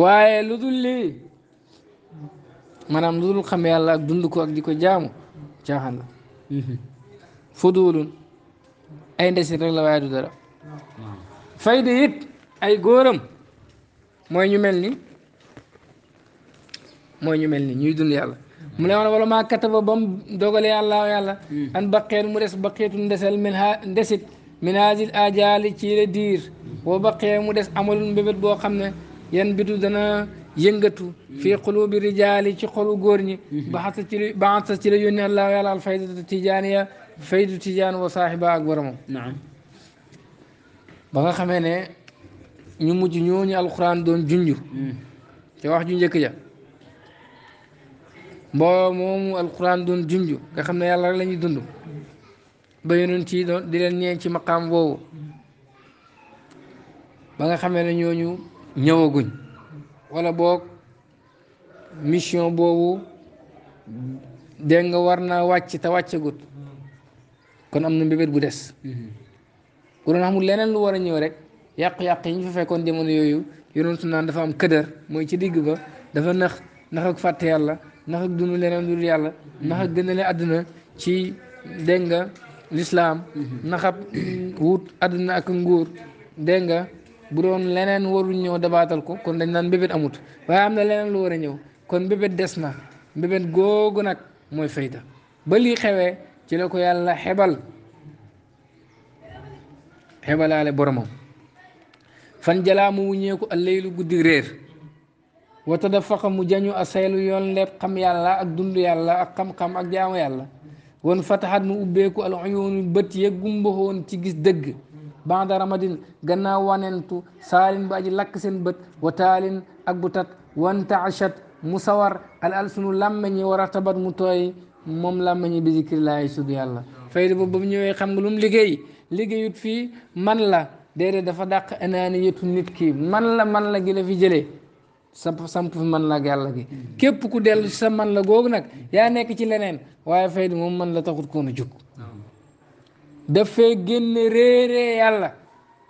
waaye lu dul lii maanaam lu dul xam yàlla ak dund ko ak di ko jaamu caaxaan la fuduulun ay ndesit rek la waaye du dara fayda it ay góoram mooy ñu mel ni mooy ñu mel ni ñuy dund yàlla mu ne woon wala maa kataba ba mu dogale yàlla yàlla hmm. an baqeet mu des baqeetu ndesel min ha min haasil ajaali ci la diir boo baqee mu des amalul mbébét boo xam ne yan bitu dana yëngatu fii qulubi rijaali ci xolu góor ñi mhm. baxasa ci la baxasa ci la yónni allah yàlla al faydatu tijaaniya faydu tijaan wa saaxiba ak boromam ba nga xamee ne ñu mujj ñooñu alquran doon junj mhm. ci wax ju njëkk ja mbooloo moomu alquran doon junju nga xam ne yàlla rek la ñuy dund ba yonent yi doon di leen ñeen ci maqaam woowu ba nga xamee ne ñooñu ñëwaguñ wala boog mission boobu dégg nga war naa wàcc te wàccagut kon am na mbébét bu des bu doon mu leneen lu war a ñëw rek yàq-yàq yi ñu fa fekkoon jamono yooyu yonentu naan dafa am këdër mooy ci digg ba dafa nax nax ak fàtte yàlla nax ak dund leneen dul yàlla nax ak gënale àdduna ci dégg nga lislaam mhm. naxab wut àdduna ak nguur dégg bu doon leneen warul ñëw dabaatal ko kon dañ naan mbébét amut waaye am na leneen lu war a ñëw kon mbébét des na mbébét googu nag mooy fayda ba lii xewee ci la ko yàlla xebal xebalaale boromam fan jalaa mu wuññeeku allaylu guddi réer wata dafaqa mu jañu asaylu yoon lépp xam yàlla ak dund yàlla ak xam-xam ak jaamu yàlla woon fataxat mu ubbeeku al bët ya gumbaxoon ci gis dëgg banda ramadin gannaaw wanentu saalin ba aji lakk seen bët wa taalin ak bu tat wanta achat mu sawar al alsunu làmmeñi wa ratabat mu tooy moom làmmeñi bi zikrillaahi sud yàlla fayda boobu ba mu ñëwee xam nga lu mu liggéey liggéeyut fii man la déedéet dafa daq dàq anaaniyatu nit ki man la man la gi fi jëlee samp samp fi man la yàlla gi képp ku dellu sa man la googu nag yaa nekk ci leneen waaye fayda moom man la taxut koon a jóg dafay génne réeree yàlla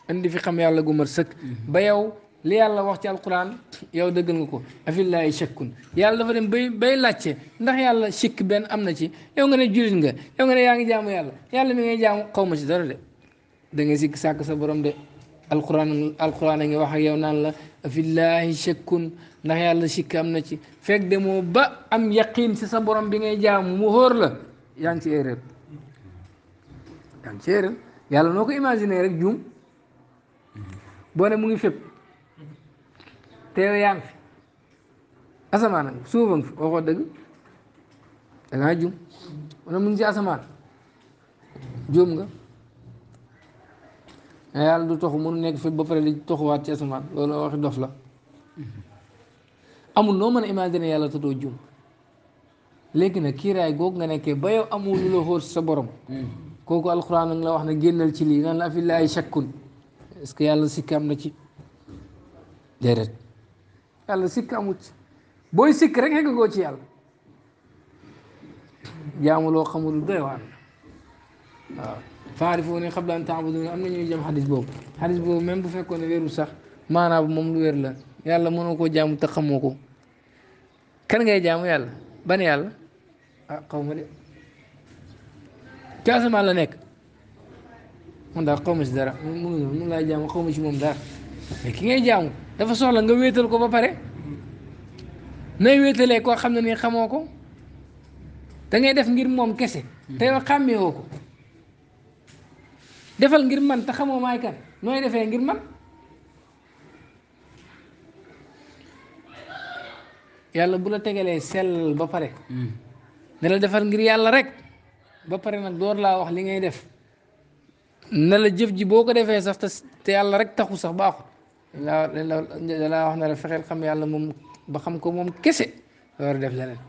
indi fi xam yàlla gu mat sëkk mhm. ba yow li yàlla wax ci alquran yow dëggal nga ko afillaahi shakkun yàlla dafa dem bay bay laajte ndax yàlla sikk benn am na ci yow nga ne jullit nga yow nga ne yaa ngi jaamu yàlla yàlla mi ngay jaamu xaw ma ci dara de da ngay sikk sàkk sa borom de alquran alquran a ngi wax ak yow naan la afillaahi shakkun ndax yàlla sikk am na ci fekk demoo ba am yaqin ci sa borom bi ngay jaamu mu hóor la yaa ngi ci erreur yaa yàlla noo ko imaginer rek juum boo ne mu ngi fépp te yaa ngi fi asamaan ak suuf a ngi fi waxoo dëgg da ngaa juum wala mu ngi ci asamaan juum nga yàlla du toxu mënu nekk fépp ba pare di toxuwaat ci asamaan loolu waxi dof la amul noo mën a imaginer yàlla te doo juum léegi nag kiiraay googu nga nekkee ba yow amul lu la xóor sa borom kooku alxuraan nag la wax ne génnal ci lii naan la afillaahi shakkun est-ce que yàlla sikk am na ci déedéet yàlla sikk amut booy sikk rek xegg goo ci yàlla jaamuloo xamul doy waar waaw faarifoo ne xablaan taabudun am na ñuy jëm xadis boobu xadis boobu même bu fekkoon ne wérul sax maanaam moom lu wér la yàlla mënoo koo jaamu te xamoo ko kan ngay jaamu yàlla ban yàlla ah, Casamance la nekk man daal xaw ci dara mënu mënu laa jaamu xaw ma moom dara mais ki ngay jaamu dafa soxla nga wéetal ko ba pare nay wéetalee koo xam ne ni xamoo ko da ngay def ngir moom kese te yow xàmmeewoo ko defal ngir man te xamoo maay kan nooy defee ngir man yàlla bu la tegalee sellal ba pare hmm. ne defal ngir yàlla rek ba pare nag door laa wax li ngay def na la jëf ji boo ko defee sax te te yàlla rek taxu sax baaxut la laa wax na la fexeel xam yàlla moom ba xam ko moom kese war def leneen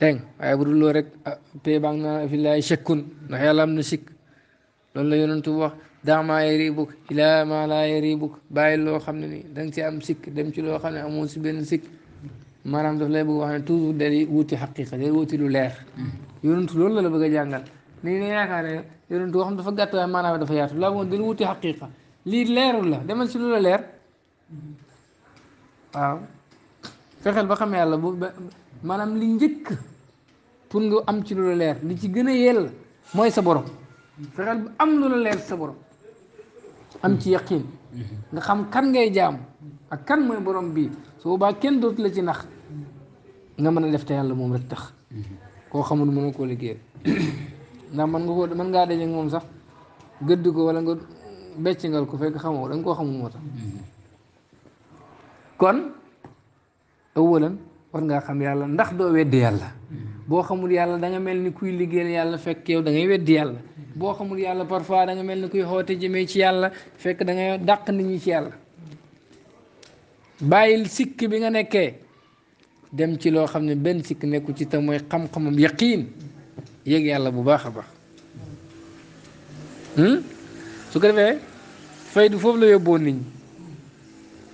dégg waaye bu dul loo rek ah, pay baa ngi naan fi laay shakkun ndax yàlla am na sikk loolu la yonentu wax daamaa yëri bukk ilaa maa laa yëri bukk bàyyi loo xam ne nii da nga ci am sikk dem ci loo xam ne amoo si benn sikk maanaam daf lay bëgg wax ne toujours day wuti xaqiqa day wuti lu leer mm-hmm. yonentu loolu la la bëgg a jàngal nii ne yaakaar ne yonentu wax dafa gàtt waaye maanaam dafa yaatu laa moon dal wuti xaqiqa lii leerul la demal si lu la leer mm-hmm. waaw fexeel ba xam yàlla li njëkk pour nga am ci lu leer li ci gën a yell mooy sa borom am lu leer sa am ci yaqin mm-hmm. nga xam kan ngay jaamu ak kan mooy borom bi su boobaa kenn dootu ci nax nga mën a def te yàlla moom rek tax koo xamul mën koo liggéeyal ndax man nga koo mën ngaa daje ak moom sax gëdd ko walla nga beccingal ko fekk xamoo da nga koo xamul moo tax kon ëwalan war ngaa xam yàlla ndax doo weddi yàlla boo xamul yàlla da nga mel ni kuy liggéeyal yàlla fekk yow da ngay weddi yàlla boo xamul yàlla parfois da nga mel ni kuy xoote jëmee ci yàlla fekk dangay dàq nit ñi ci yàlla bàyyil sikk bi nga nekkee dem ci loo xam ne benn sikk nekku ci te mooy xam-xamam yaqiin yéeg yàlla bu baax a baax hmm? su ko defee faydu foofu la yóbboon nit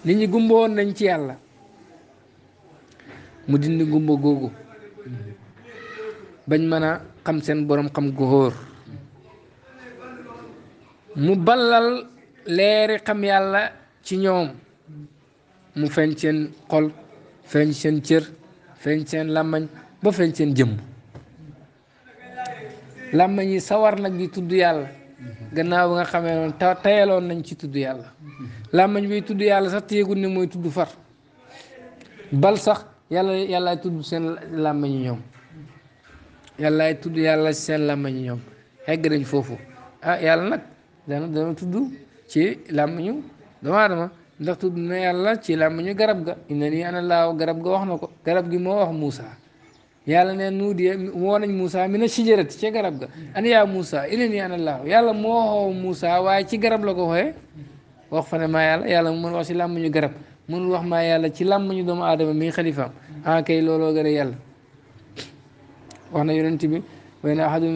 ñi nit ñi nañ ci yàlla mu dindi gumba googu bañ mën a xam seen boroom xam gu xóor mu ballal leeri xam yàlla ci ñoom mu feeñ seen xol feeñ seen cër feeñ seen làmmañ ba feeñ seen jëmm làmmañ yi sawar nag di tudd yàlla gannaaw nga xamee noonu ta nañ ci tudd yàlla làmmañ bi tudd yàlla sax téyegut ne mooy tudd far bal sax yàlla yàlla tudd seen làmmañ yi ñoom yàllaay tudd yàlla seen làmmañ ñoom egg nañ foofu ah yàlla nag dana tudd ci làmmañu doomu aadama ndax tudd na yàlla ci làmmiñu garab ga inna nii ana laaw garab ga wax na ko garab gi moo wax Moussa yàlla ne nuudiye woo nañ Moussa mi na sijarat garab ga an yaa Moussa inna nii ana laaw yàlla moo waxoo Moussa waaye ci garab la ko wax fa ne maa yàlla yàlla mu mën wax garab mënul wax maa yàlla ci làmmiñu doomu aadama mi xalifaam ah kay looloo gën a wax na yonent bi wa in ahadun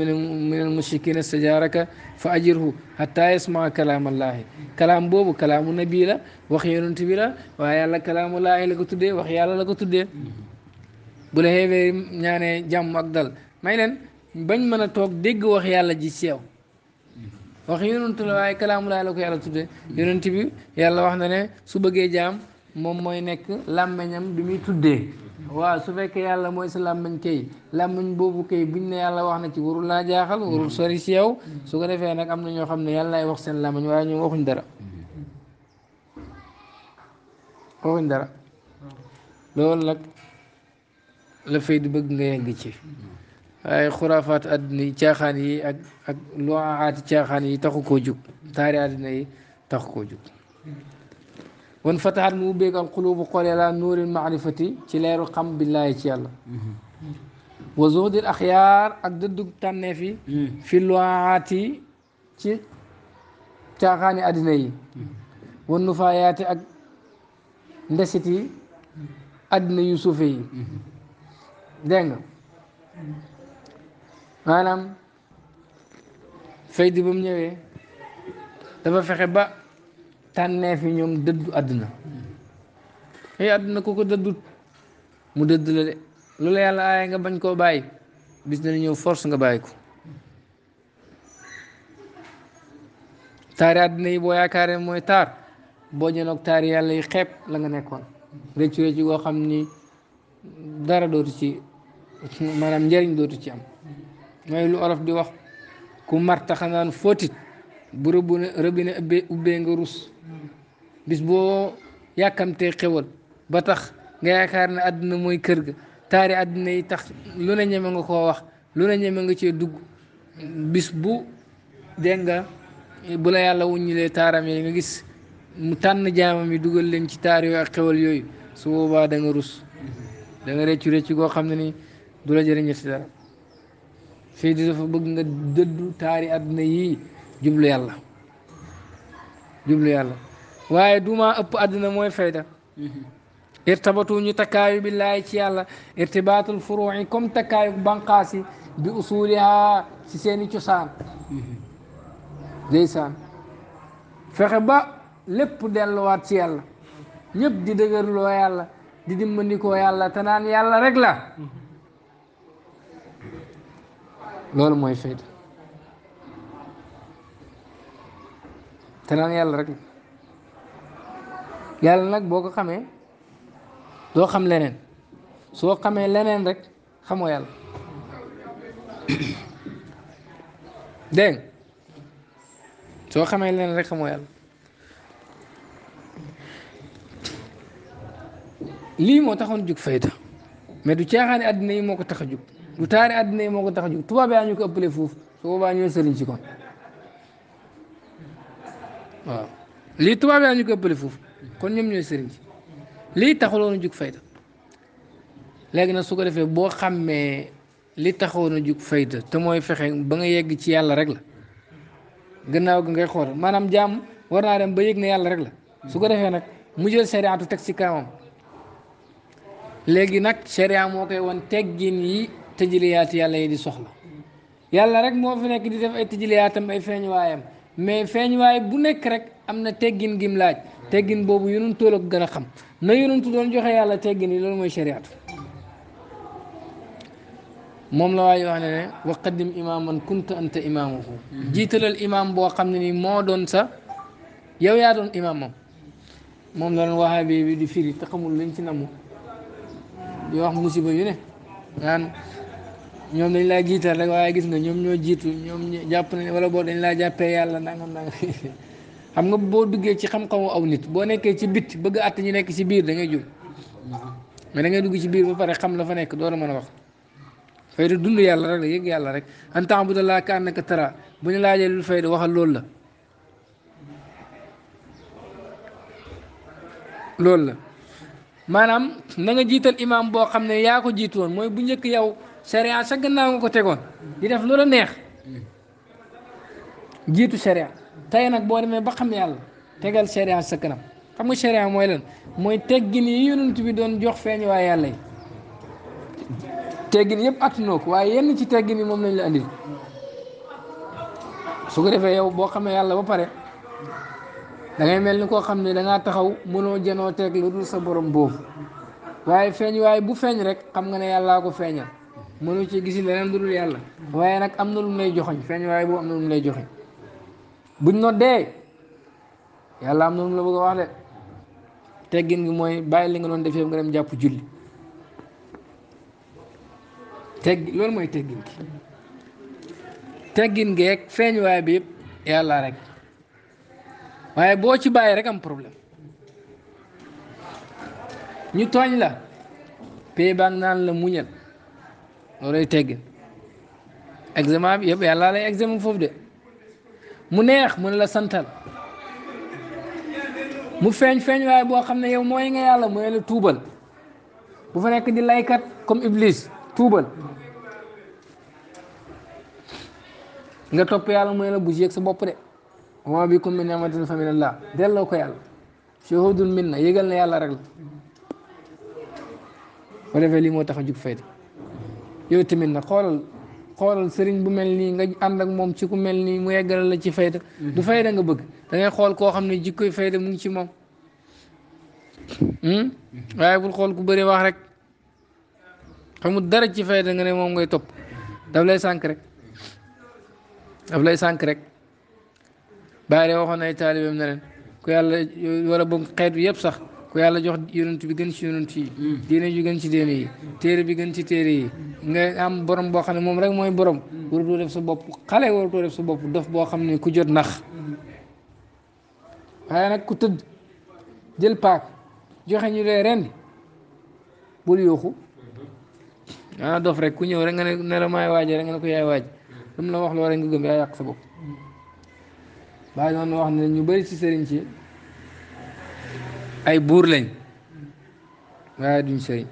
min almushrikina istajaaraka a ajirhu hatta yasmaa kalaamallaahi kalaam boobu kalaamu nabi la wax yonent bi la waaye yàlla kalaamullaahi la ko tuddee wax yàlla la ko tuddee bu la xeewee ñaanee jàmm ak dal may leen bañ mën a toog dégg wax yàlla ji ci wax yonent la waaye kalaamulaahi la ko yàlla tuddee yonent bi yàlla wax na ne su bëggee jaam moom mooy nekk làmmeñam bi muy tuddee waaw su fekkee yàlla mooy sa làmmiñ kay làmmiñ boobu kay buñ ne yàlla wax na ci warul laa jaaxal warul sori si yow su ko defee nag am na ñoo xam ne yàlla lay wax seen làmmiñ waaye ñoom waxuñ dara waxuñ dara loolu nag la fay di bëgg nga yegg ci waaye xuraafaat àddina yi caaxaan yi ak ak lu aati caaxaan yi taxu koo jug taari àddina yi taxu koo jug وانفتحت موبيك القلوب قال على نور المعرفة تلير قم بالله تيالا وزود الأخيار أدد تنفي في الوعات تاغاني أدني والنفايات نسيتي أدنى يوسفي دينغ مانام فايدي بمنيوي دابا فخي tànneef yi ñoom dëddu àdduna ay àdduna ko ko dëddut mu dëdd la de lu la yàlla aaye nga bañ koo bàyyi bis dana ñëw force nga bàyyi ko taari àdduna yi boo yaakaaree mooy taar boo jënoog taari yàlla yi xeeb la nga nekkoon réccu réccu goo xam ni dara dootu ci maanaam njëriñ dootu ci am mooy lu olof di wax ku marta xanaan fóotit bu rëbbu ne rëbbi ne ubbee nga rus bis boo yàkkamtee xewal ba tax nga yaakaar ne àdduna mooy kër ga taari àdduna yi tax lu ne ñeme nga koo wax lu ne ñeme nga cee dugg bis bu dégg nga bu la yàlla wuññilee taaram yi nga gis mu tànn jaamam yi dugal leen ci taar yooyu ak xewal yooyu su boobaa da nga rus da nga réccu réccu goo xam ne ni du la jëriñati dara fii di dafa bëgg nga dëddu taari àdduna yii jublu yàlla jublu yàlla waaye duma ëpp àddina mooy fayda irtabatu ñu takkaayu billaahi ci yàlla irtibaatul furuuci comme takkaayu banqaasi bi usuliha ci seeni cosaan ndeysaan fexe ba lépp delluwaat ci yàlla ñëpp di dëgërloo yàlla di dimbandikoo yàlla te naan yàlla rek la loolu mooy fayda te naan yàlla rek yàlla nag boo ko xamee doo xam leneen soo xamee leneen rek xamoo yàlla dégg soo xamee leneen rek xamoo yàlla lii moo taxoon jug fayda mais du caaxaani àddina yi moo ko tax a jug du taari àddina yi moo ko tax a jug tubaab yaa ñu ko ëppale foofu su boobaa ñooy sëriñ si kon waaw lii tubaab yaa ñu ko ëppale foofu kon ñoom ñooy sëriñ si lii taxuloon a jug fayda léegi nag su ko defee boo xàmmee li taxoon a jug fayda te mooy fexe ba nga yegg ci yàlla rek la gannaaw gi ngay xool maanaam jaam war naa dem ba yëg na yàlla rek la su ko defee nag mu jël sariyaatu teg ci kanamam léegi nag sariya moo koy wan teggin yi tëjiliyaat yàlla yi di soxla yàlla rek moo fi nekk di def ay tëjiliyaatam ay waayam mais feeñ waaye bu nekk rek am na teggin gim laaj teggin boobu yonentu la ko gën a xam na yonentu doon joxe yàlla teggin yi loolu mooy shariatu moom la waaye wax ne ne wa qaddim imaaman kunta anta imaamuhu jiitalal imaam boo xam ne ni moo doon sa yow yaa doon imaamam moom la doon waxaabi bi di firi te xamul liñ ci namu di wax musiba yu ne naan ñoom dañ laa jiital rek waaye gis nga ñoom ñoo jiitu ñoom jàpp nañ wala boo dañ laa jàppee yàlla nangam nangam xam nga boo duggee ci xam aw nit boo nekkee ci bit bëgg a ñu nekk ci biir da ngay jub da ngay dugg ci biir ba pare xam la fa nekk door a mën a wax fayda dund yàlla rek la yëg yàlla rek an ta'budallaaha ka'annaka taraa bu ñu laajee lu fayda waxal loolu la loolu la maanaam nanga jiital imaam boo xam ne yaa ko jiitu woon mooy bu njëkk yow sharia sa gannaaw nga ko tegoon di def lu la neex jiitu sharia tay nak bo demé ba xam yalla tegal sharia sa kanam xam nga sharia moy lan moy teggini yoonent bi doon jox feñ wa yalla teggini teggin yëpp attunoo ko waaye yenn ci teggini mom lañ la andil su ko defé yow bo xamé yalla ba paré da ngay melni ni xamné da nga taxaw mëno jëno tegg lu dul sa borom boobu waye feñ waye bu feñ rek xam nga né yalla ko feñal mënu ci gisi leneen lu dul yàlla waaye nag am na lu mu lay joxoñ feeñ waaye boobu lay joxoñ buñ noddee yàlla am na lu mu la bëgg wax de teggin gi mooy bàyyi li nga doon defee nga dem jàpp julli tegg loolu mooy teggin gi teggin geeg feeñ waaye bi yëpp yàlla rek waaye boo ci bàyyi rek am problème ñu tooñ la pay baa naan la muñal loolay teggin examen bi yëpp yàlla lay examen foofu de mu neex mu ne la santal mu feeñ feeñ waaye boo xam ne yow mooy nga yàlla mooy la tuubal bu fa nekk di laykat comme Iblis tuubal nga topp yàlla mooy la bu yëg sa bopp de wa bikum min ni'matin laa minallah delloo ko yàlla shuhudun minna yëgal na yàlla rek la bu defee lii moo tax a jug fayda yow tamit na xoolal xoolal sëriñ bu mel nii nga ànd ak moom ci ku mel nii mu yeggal la ci fayda mhm. du fayda nga bëgg dangay xool koo xam ne jikkoy fayda mu ngi ci moom hmm? mhm. waaye bul xool ku bari wax rek xamul dara ci fayda nga ne moom ngay topp daf lay sànq rek daf lay sànq rek bàyyi de waxoon ay taalibeem ne leen ku yàlla wala boog xeet bi yëpp sax ku yàlla jox yonent bi gën ci yonent yi hmm. diine ju gën ci diine yi téere bi gën ci téere yi nga am borom boo xam ne moom rek mooy borom hmm. warutoo def sa bopp xale warutoo def sa bopp dof boo xam ne ku jot nax hmm. waaye nag ku tëdd jël paak joxe ñu dee rendi bul ah, ku ñëw rek nga ne ne la maay waajee waaj lu la wax loo rek nga gëm yaa yàq sa bopp bàyyi noonu wax ne ñu bëri ci sëriñ ci ay buur lañ waaye duñ sëriñ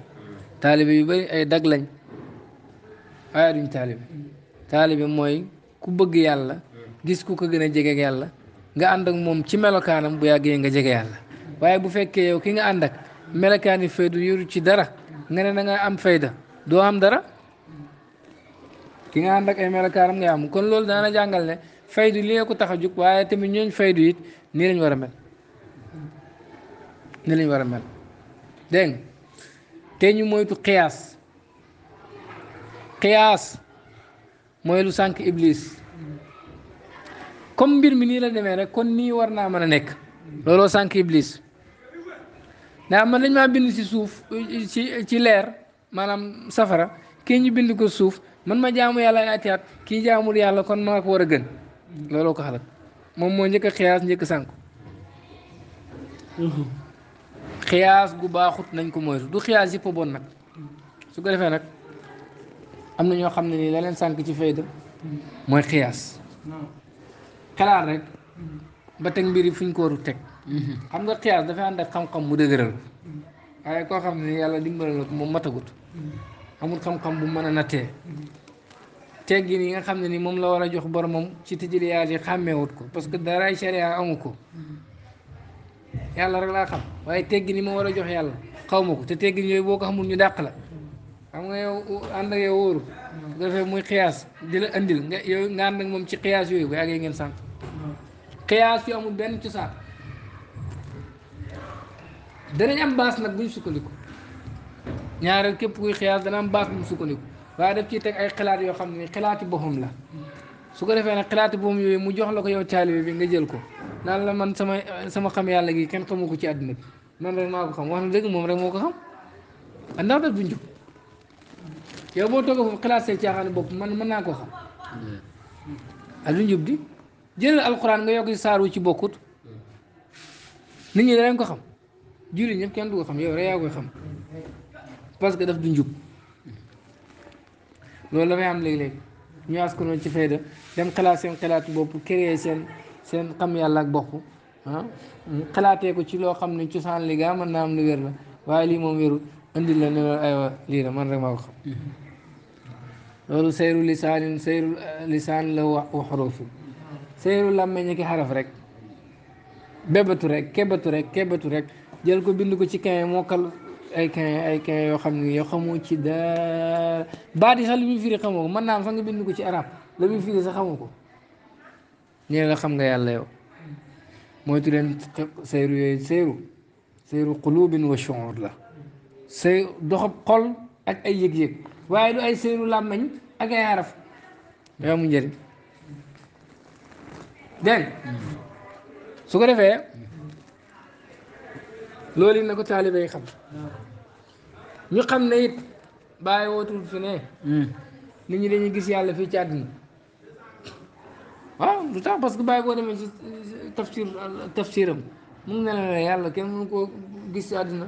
taalibe yu bari ay dag lañ waaye duñ taalibe taalibe mooy ku bëgg yàlla gis ku ko gën a jege yàlla nga ànd moom ci melokaanam bu yàggee nga jege yàlla waaye bu fekkee yow ki nga ànd ak melokaani faydu yoru ci dara nga ne na nga am fayda doo am dara ki nga ànd ak ay melokaanam ngay am kon loolu daana jàngal ne faydu li ko tax a jug waaye tamit ñooñ faydu it nii lañ war a mel ni lañ war a mel dégg te ñu moytu xiyaas xiyaas mooy lu sànq iblis comme mbir mi nii la demee rek kon nii war naa mën a nekk looloo sànq iblis ndax man dañ maa bind ci suuf ci ci leer maanaam safara kii ñu bind ko suuf man ma jaamu yàlla ay atiyaat kii jaamul yàlla kon maa ko war a gën looloo ko xalaat moom moo njëkk a njëkk a xiyaas gu baaxut nañ ko mooy du xiyaas yëpp bon nag su ko defee nag am na ñoo xam ne nii la leen sànk ci fayda mooy xiyaas xalaat rek ba teg mbir yi fuñ ko waru teg xam nga xiyaas dafay ànd ak xam-xam mu dëgëral waaye koo ne yàlla dimbale moom matagut amul xam bu mën a nattee teggin yi nga xam ne nii moom la war a jox moom ci tëjëliyaat yi xàmmeewut ko parce que daraay sharia amu ko yàlla rek laa xam waaye teggi ni ma war a jox yàlla xawma ko te teggi yooyu boo ko xamul ñu dàq la xam nga yow ànd ak yow wóoru bu ko defee ci xiyaas yooyu bu yàggee ngeen sànq xiyaas amul benn cosaan danañ am baas nag buñ sukkandiku ñaareel képp kuy xiyaas dana am sukkandiku waaye daf ciy ay xalaat yoo xam ne xalaati boppam la su ko defee nag yooyu mu jox la ko yow taalibe bi nga jël ko naan la man sama sama xam yàlla gi kenn xamu ko ci àdduna bi man rek maa ko xam wax na dëgg moom rek moo ko xam ndax daf du njub yow boo toogee foofu xalaat say caaxaan bopp man mën naa ko xam ak du njub di jëlal alxuraan nga yokk ci saar wu ci bokkut nit ñi danañ ko xam julli ñëpp kenn du ko xam yow rek yaa koy xam parce daf du njub loolu dafay am léeg-léeg ñu askanoo ci fayda dem xalaat seen xalaatu bopp créer seen seen xam yàlla ak bokku ah xalaatee ko ci loo xam ne cosaan li man mën naa am na wér la waaye lii moom wérul indi la ne aywa lii la man rek maa ko xam loolu sayru eh, lisaan la wa xurufu sayru làmmeñ ñi ki rek bébatu rek kebatu rek kebatu rek jël ko bind ko ci kaye mokkal ay kaye ay kaye yoo xam ne yoo xamoo ci dara baat yi sax li muy firi xamoo ko mën naa am sax bind ko ci arab la muy firi sax xamoo ko ñee nga xam nga yàlla yow moytu leen seyru yooyu seyru seyru qulubin wa shuur la sey doxab xol ak ay yëg-yëg waaye du ay seyru làmmañ ak ay araf yoo mu njëriñ dégg su ko defee loolu yi na ko taalibe yi xam ñu xam ne it bàyyi wootul fi ne hmm. nit ñi dañu gis yàlla fii ci àddina waaw lu tax parce que bàyyi koo demee ci tafsir tafsiram mu ngi ne la yàlla kenn mënu koo gis ci àddina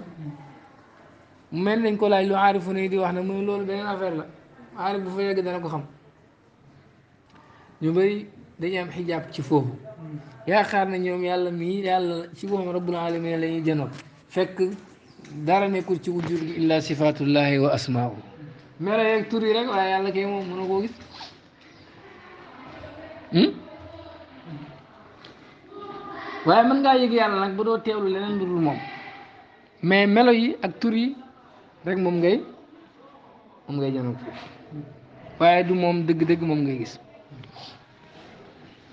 mel nañ ko laaj lu aarifu ne di wax ne mooy loolu beneen affaire la aarif bu fa yegg dana ko xam ñu bëri dañuy am xijaab ci foofu yaakaar na ñoom yàlla mii yàlla ci waxam rabbul alamin la ñuy jënoon fekk dara nekkul ci wujud gi illa sifatullahi wa asmaahu melo yeeg tur yi rek waaye yàlla kay moom mënu koo gis Hmm? waaye mën ngaa yëg yàlla nag bu doo teewlu leneen lu dul moom mais melo yi ak tur yi rek moom ngay moom ngay jënd waaye du moom dëgg-dëgg moom ngay gis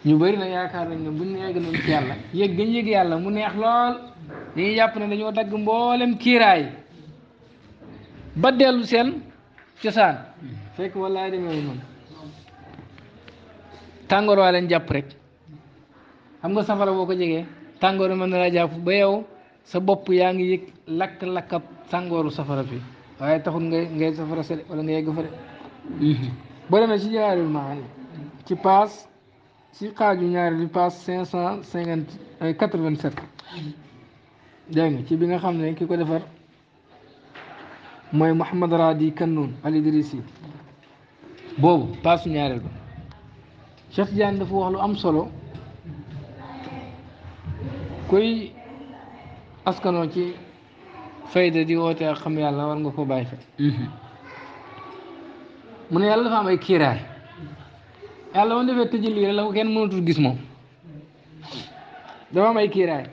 ñu bëri na yaakaar nañ ne buñ yegg yàlla yëg yëg yàlla mu neex lool dañuy jàpp ne dañoo dagg mboolem kiiraay ba dellu seen cosaan fekk walaay demeewul noonu tàngoor waa leen jàpp rek xam nga safara boo ko jegee tàngoor mën na jàpp ba yow sa bopp yaa ngi yëg lakk-lakkab tàngooru safara bi waaye taxul ngay ngay safara sele wala nga yegg fa de mhm. boo ci jawaalul maani ci paas ci xaaju ñaari bi paas cinq cent cinquante euh, quatre-vingt-sept dégg ci bi nga xam ne ki ko defar mooy Mouhamad Raadi Kannoun al Idrisi boobu paasu ñaareel ba Cheikh Tidiane dafa wax lu am solo kuy ci fayda di woote ak xam yàlla war nga ko bàyyi fa mhm. mu ne yàlla dafa am ay kiiraay yàlla moom defee tëjal lii rek kenn mënatul gis moom dafa am kiiraay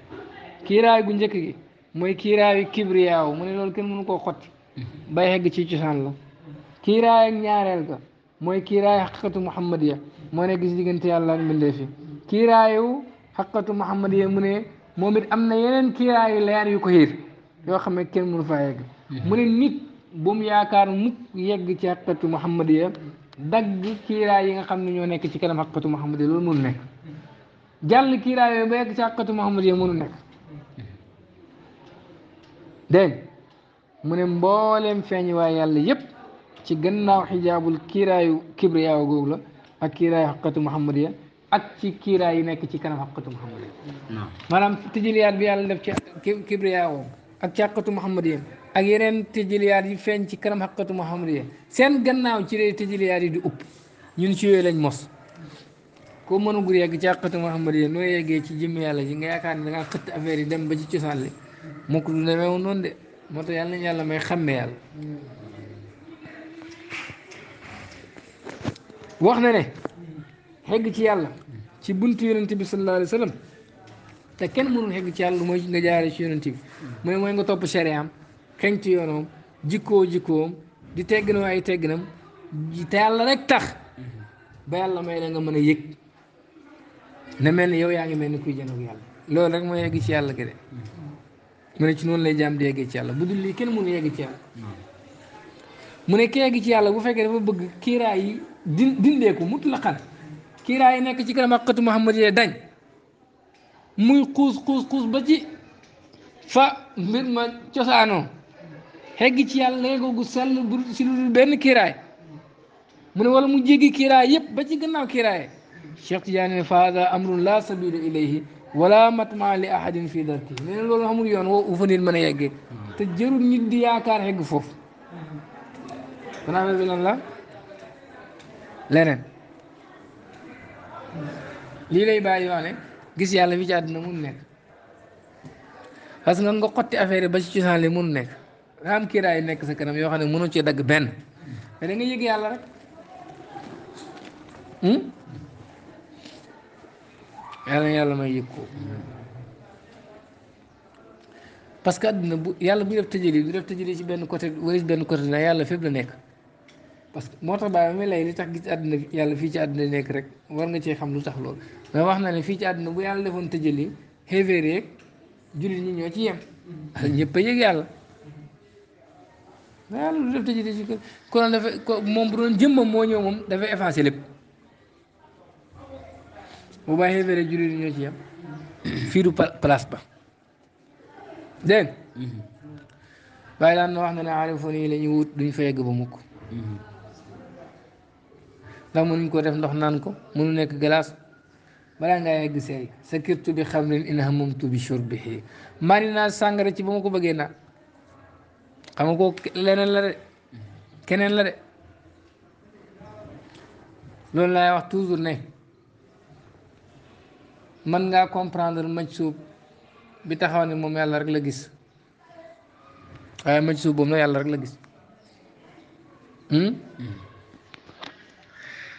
kiiraay gu njëkk gi mooy kiiraayu kibriyaaw mu ne lool kenn mënu koo xotti mhm. bay xegg ci cosaan la kiiraay ak ñaareel ga mooy kiiraayu xaqatu muhammad ya moo nekk si diggante yàlla ak mbindeef yi kiiraayu xaqatu muhammad ya mu ne moom it am na yeneen kiiraayu layaan yu ko xiir yoo xam ne kenn mënu faa yegg mhm. mu ne nit bu mu yaakaar mukk yegg ci xaqatu muhammad ya dagg kiiraay yi nga xam ne ñoo nekk ci kanam xaqatu muhammad ya loolu mënu nekk jàll kiiraay yooyu ba yegg ci xaqatu muhammad ya mënu nekk dégg mu ne mbooleem feeñ waaye yàlla yépp ci gannaaw xijaabul kiiraayu kibriyaaw googu la ak kiiraayu xaqatu muhammadiya ak ci kiiraay yi nekk ci kanam xaqatu muhammadiya maanaam tijiliyaat bi yàlla def ci kibriyaawam ak ci xaqatu ak yeneen tijiliyaat yi feeñ ci kanam xaqatu muhammadiya seen gannaaw ci lay tijiliyaat yi di upp ñun ci yooyu lañ mos ko mënugul yegg ci xaqatu muhammadiya noo yeggee ci jëmm yàlla ji nga yaakaar ne da ngaa xëtt affaire yi dem ba ci cosaan li mukk du demee noonu de moo yàlla nañ yàlla may xàmme yàlla wax na ne xegg ci yàlla ci bunt yonent bi sallallahu alayhi wa sallam te kenn mënul xegg ci yàlla lu mooy nga jaaree ci yonent bi mu ne mooy nga topp chériam xenc yoonoom jikkoo jikkoom di tegginoo ay tegginam te yàlla rek tax ba yàlla may la nga mën a yëg na mel ni yow yaa ngi mel ni kuy jënoog yàlla lool rek mooy yegg ci yàlla gi de mu ne ci noonu lay jaam di yeggee ci yàlla bu kenn mënu yegg ci yàlla mu ne kee gi ci yàlla bu fekkee dafa bëgg kiiraay yi din dindeeku mutlaqan kiiraay yi nekk ci kanam xaqatu Muhammad yee dañ muy xuus xuus ba ci fa mbir ma cosaanoo xeggi ci yàlla léegoo gu sell bu si lu benn kiiraay mu ne wala mu jéggi kiiraay yëpp ba ci gannaaw kiiraay Cheikh Tidiane ne faada amrun la sabila ilayhi wala matmaa li ahadin fi darki nee na loolu amul yoon woo ufanil mën a yeggee te jërul nit di yaakaar xegg foofu gannaaw bi lan la leneen lii lay bàyyi wax ne gis yàlla fi ci àddina mun nekk parce que nga xotti affaire yi ba ci cosaan li mun nekk nga am kiiraay nekk sa kanam yoo xam ne mënoo ci dagg benn nga yëg yàlla hmm? yàlla na yàlla may yëg ko parce que àddina bu yàlla bu def tëjëli du def tëjëli ci benn côté wala ci benn côté na yàlla fépp la nekk parce que moo tax bàyyi ma lay li tax gis àdduna yàlla fii ci àdduna nekk rek war nga cee xam lu tax lool mais wax na ne fii ci àdduna bu yàlla defoon tëjali xeefeer yeeg jullit ñi ñoo ci yem ñëpp a moo ñëw moom dafay effacé lépp bu ñoo ci yem fii du place ba dégg waaye mm-hmm. daan na wax na ne aarifoon yi la ñu wut duñ fa yegg ba mukk mm-hmm. ndax mënuñ koo def ndox naan ko mu mënu nekk glace balaa ngaa gisee sa sakirtu bi xamrin in hamamtu bi shurbihi bi ni naa sàngara ci ba ma ko bëggee naan xam ko leneen la de keneen la de loolu lay wax toujours ne man ngaa comprendre maj suub bi taxaw ne moom yàlla rek la gis waaye maj suub boobu na yàlla rek la gis hmm? Hmm.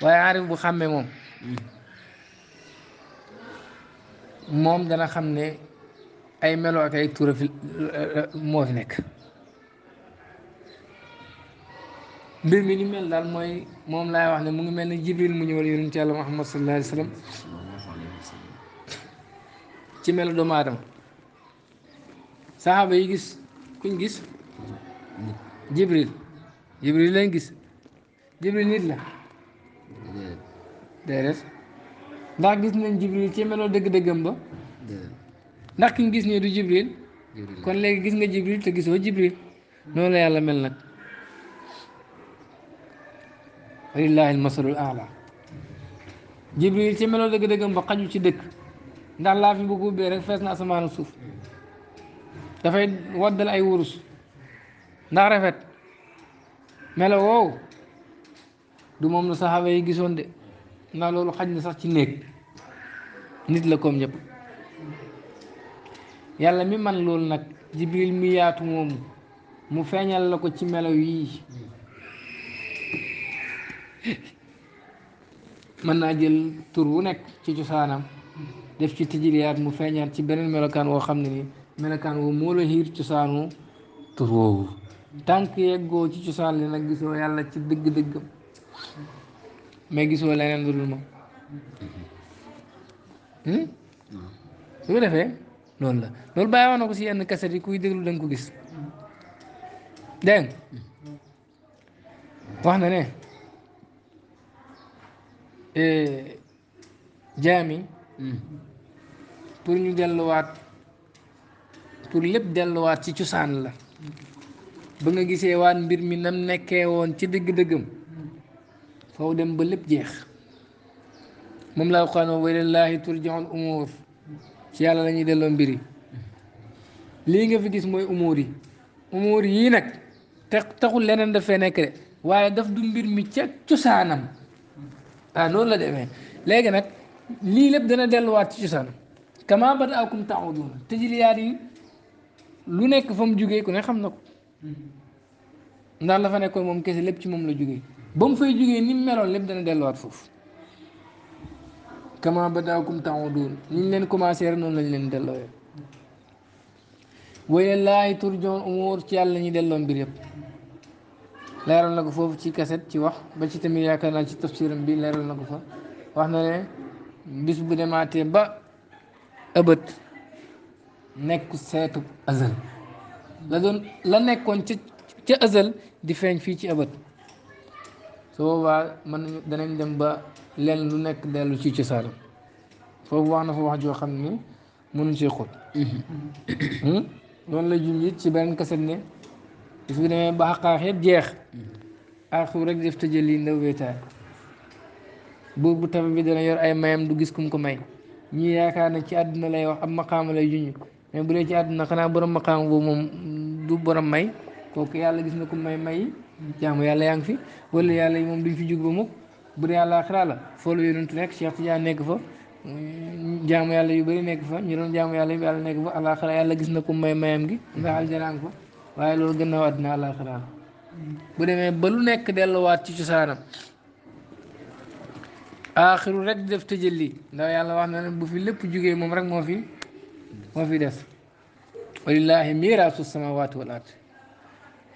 waaye aarif bu xàmmee moom moom dana xam ne ay melo ak ay tuura fi moo fi nekk mbir mi ni mel daal mooy moom laay wax ne mu ngi mel ni jibril mu ñëwal yonent yàlla muhammad sallallahu alayhi wa sallam ci melo doomu aadama saxaaba yi gis kuñ gis jibril jibril lañ gis jibril nit la déedéet ndax gis nañ jibril ci meloo dëgg-dëggam ba ndax ki gis nii du jibril kon léegi gis nga jibril te gisoo jibril noonu la yàlla mel nag walillahi almasalul aala jibril ci meloo dëgg-dëggam ba xaju ci dëkk ndax laa fi bu ko ubbee rek fees na asamaan ak suuf dafay waddal ay wurus ndax rafet melo du moom la saxaaba yi gisoon de ndax loolu xaj na sax ci néeg nit la comme ñëpp yàlla mi man loolu nag jibril mi yaatu moom mu feeñal la ko ci melaw yii mën naa jël tur wu nekk ci cosaanam def ci tijiliyaat mu feeñaat ci beneen melokaan woo xam ne ni melokaan woo moo la xiir cosaanu tur woowu tànk yeggoo ci cosaan li nag gisoo yàlla ci dëgg-dëggam mais gisoo leneen lu dul moom hmm? su defee loolu la loolu bàyyi wax na ko si yenn kaset yi kuy déglu da nga ko gis dégg wax na ne eh, jaam hmm. pour ñu delluwaat pour lépp delluwaat ci cosaan la ba nga gisee waat mbir mi nam nekkee woon ci dëgg-dëggam faw dem ba lépp jeex moom laa waxaanoo wa ilallaahi turjaul umuur ci yàlla la ñuy delloo mbiri lii nga fi gis mooy umuur yi umuur yii nag te taxul leneen dafay nekk de waaye daf du mbir mi ca cosaanam ah noonu la deme léegi nag lii lépp dana delluwaat ci cosaanam kama badaakum taauduna tëjiliyaat yi lu nekk fa mu jugee ku ne xam na ko ndax la fa nekkoon moom kese lépp ci moom la jugee ba mu fay jógee ni mu meloon lépp dana delluwaat foofu kama ba daaw kum temps doon ni leen commencé rek noonu lañ leen delloo waaye laay turjoon umur ci yàlla ñuy delloo mbir yëpp leeral na ko foofu ci kaset ci wax ba ci tamit yaakaar naa ci tafsiram bi leeral na ko fa wax na ne bis bu demaatee ba ëbët nekk seetu azal la doon la nekkoon ca ca di feeñ fii ci ëbët su boobaa mën danañ dem ba lenn lu nekk dellu ci cosaan foofu wax na fa wax joo xam ne mënuñ see xóot mm-hmm. hmm? noonu la junjit ci beneen kaset ne su fi demee ba xaqaax yëpp jeex mm-hmm. aaxu rek def tëjël yi ndaw wéetaay buur bu tabe bi dana yor ay mayam du gis kum ko may ñii yaakaar ne ci àdduna lay wax ab maqaama lay junj mais bu dee ci àdduna xanaa borom maqaama boobu moom du borom may kook yàlla gis na ko may may jaamu yàlla yaa ngi fi wala yàlla yi moom duñ fi jug ba mukk bu dee yàlla xiraa la foolu yonentu nekk Cheikh Tidiane fa jaamu yàlla yu bëri nekk fa ñu doon jaamu yàlla yu yàlla nekk fa àllaaxira yàlla gis na ko may mayam gi ndax aljana nga fa waaye loolu gannaaw bu demee ba nekk delluwaat ci cosaanam aaxiru rek def tëjëli ndax yàlla wax na ne bu fi lépp jugee moom rek moo fi moo fi des walillahi miraasu samawaati wal ard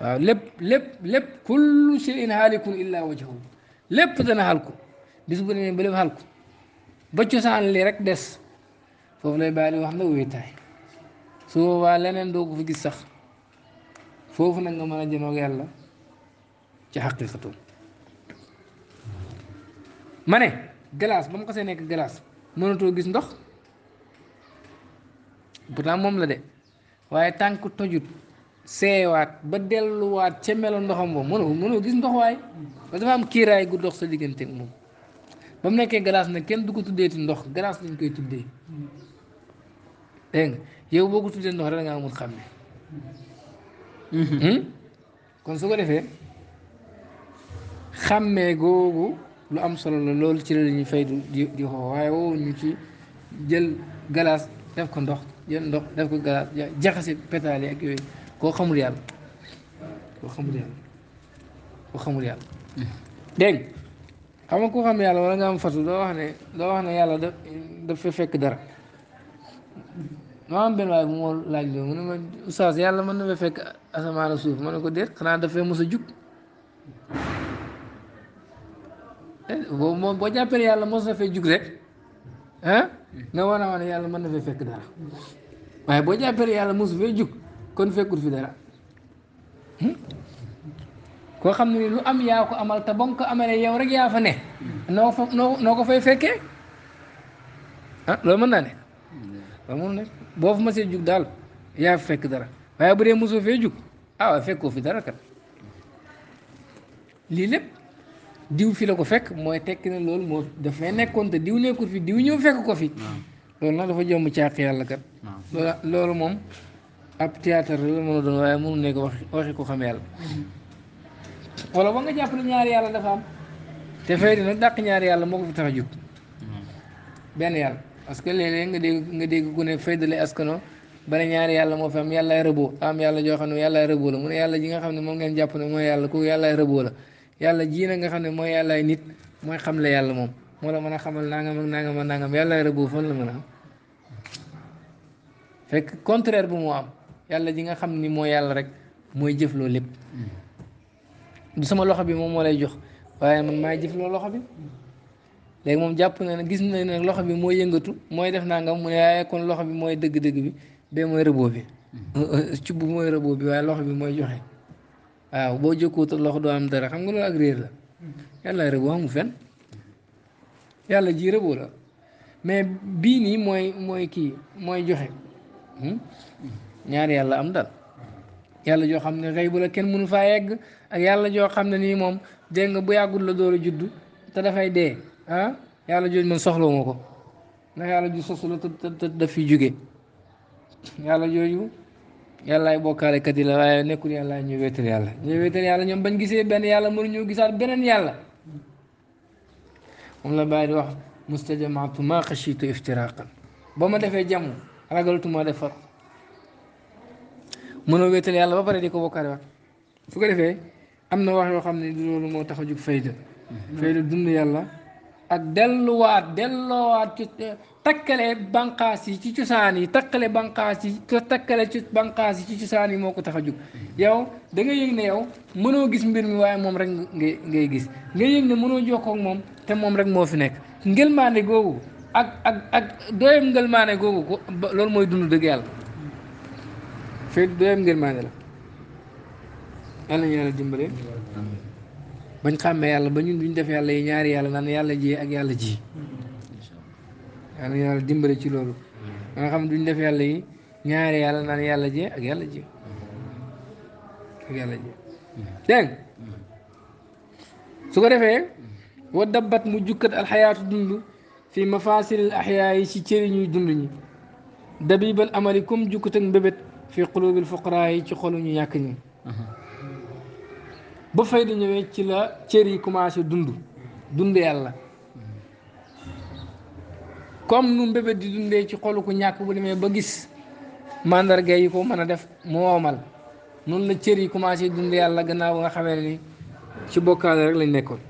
waaw lépp lépp lépp kullu shay'in haalikun illaa wajhahu lépp dana xalku bis bu demee ba lépp ba cosaan li rek des foofu lay bàyyi wax na wéetaay su boobaa leneen doo ko gis sax foofu nag nga mën a jënoog yàlla ci xaqiqatu ma ne glace ba mu xasee nekk glace mënatoo gis ndox pourtant moom la de waaye tànk tojut seewaat ba delluwaat ca melo ndoxam boobu mënoo mënoo gis ndox waay parce que am kiiraay gu dox sa diggante moom ba mu nekkee glace nag kenn du ko tuddeeti ndox glace lañ koy tuddee dégg nga yow boo ko ndox rek da ngaa amul xam hmm? kon su ko defee xàmmee am solo la loolu ci la ñuy fay di di xoo waaye woowu ñu ci jël glace def ko ndox jël ndox def ko glace jaxase pétale ak yooyu koo xamul yàlla koo xamul yàlla koo xamul yàlla dégg xam nga koo xam yàlla wala nga am fatu doo wax ne doo wax ne yàlla da dafa fekk dara maa am benn waaye bu moo laaj loolu mu ne ma oustaz yàlla mën na fa fekk asamaan ak suuf ma ne ko déet xanaa dafay mos a jug boobu moom boo jàppee yàlla mos na fee jug rek ah na war a wax ne yàlla mën na fee fekk dara waaye boo jàppee yàlla mosu fee jug kon fekkul fi dara hmm? koo xam ne lu am yaa ko amal te ko amalee yow rek yaa fa ne noo fa noo ko fay fekkee ah loolu mën naa ne loolu mën na boo fa mësee jug daal yaa fekk dara waaye bu dee mosoo fee jug ah waaye fekkoo fi dara kat lii lépp diw fi la ko fekk mooy tekki ne loolu moo daf nekkoon te diw nekkul fi diw ñëw fekk ko fi loolu nag dafa jomb caaq yàlla kat loolu moom ab théâtre la mën a doon waaye mënu nekk wax waxi ko xam yàlla wala ba nga jàpp ñaari yàlla dafa am te fay di nag ñaari yàlla moo ko fi yàlla parce que léeg nga dégg nga dégg ku ne faydale askano ba ne yàlla moo fi am yàllaay rëboo am yàlla joo xam ne yàllaay rëboo la mu yàlla ji nga xam ne moom ngeen jàpp na mooy yàlla kooku yàllaay rëboo la yàlla ji na nga xam ne mooy yàllaay nit mooy xam le yàlla moom moo la mën a xamal nangam ak nangam ak nangam yàllaay rëboo fan la mën a am fekk contraire bu moo am yàlla ji nga xam ni moo yàlla rek mooy jëf loo lépp du sama loxo bi moom moo lay jox waaye man maay jëf loo loxo bi léegi moom jàpp na ne gis na ne loxo bi mooy yëngatu mooy def nangam mu ne kon loxo bi mooy dëgg-dëgg bi bee mooy rëboo bi cubb bi waaye loxo bi mooy joxe boo jokkuwutal loxo doo xam nga loolu ak réer la yàlla rëboo amu fen yàlla ji rëboo la mais bii nii mooy mooy kii mooy joxe hmm? ñaar yàlla am dal yàlla joo xam ne xaybu la kenn mënu faa yegg ak yàlla joo xam ne nii moom dégg nga bu yàggul la door a juddu te dafay dee ah yàlla jooju man soxlawuma ko ndax yàlla ju sosu la te te daf fi jooju yàllaay bokkaale kat yi la waaye nekkul yàlla ñu wéetal yàlla ñu wéetal yàlla ñoom bañ gisee benn yàlla mënuñoo gisaat beneen yàlla moom la bàyyi di wax mustajamaatu maa xashiitu ba ma defee jamu ragaltuma defar mënoo wéetal yàlla ba pare di ko bokkaale waat su ko defee am na wax yoo xam ne loolu moo tax a jug fayda mhm. fayda dund yàlla ak delluwaat delloowaat ci takkale banqaas yi ci cosaan yi takkale banqaas yi takkale yi ci cosaan yi moo ko tax a jóg mhm. yow da nga yëg ne yow mënoo gis mbir mi waaye moom rek ngay ngay gis nga yëg ne mënoo jokkoo ak moom te moom rek moo fi nekk ngëlmaane googu ak ak ak doyam ngëlmaane googu ko loolu mooy dund dëgg yàlla fee doyam ngërmaande la yàlla ñu yàlla dimbale bañ xàmmee yàlla ba duñ def yàlla yi ñaari yàlla naan ji ak yàlla ji yàlla ñu yàlla dimbale ci loolu ba nga ñaari yàlla naan yàlla ji ak yàlla ji ak yàlla ko defee wa dabbat mu jukkat alxayaatu dund fi mafasilil axyaa yi ci cëriñuy dund ñi dabibal amali comme jukkat ak mbébét fi qulubil fuqaraa yi ci xolu ñu ñàkk ñi ba fay di ñëwee ci la cër yi commencé dund dund yàlla comme nu mbébét di dundee ci xolu ku ñàkk bu demee ba gis mandarga yi ko mën a def mu woomal noonu la cër yi commencé dund yàlla gannaaw ba nga xamee ni ci bokkaale rek lañ nekkoon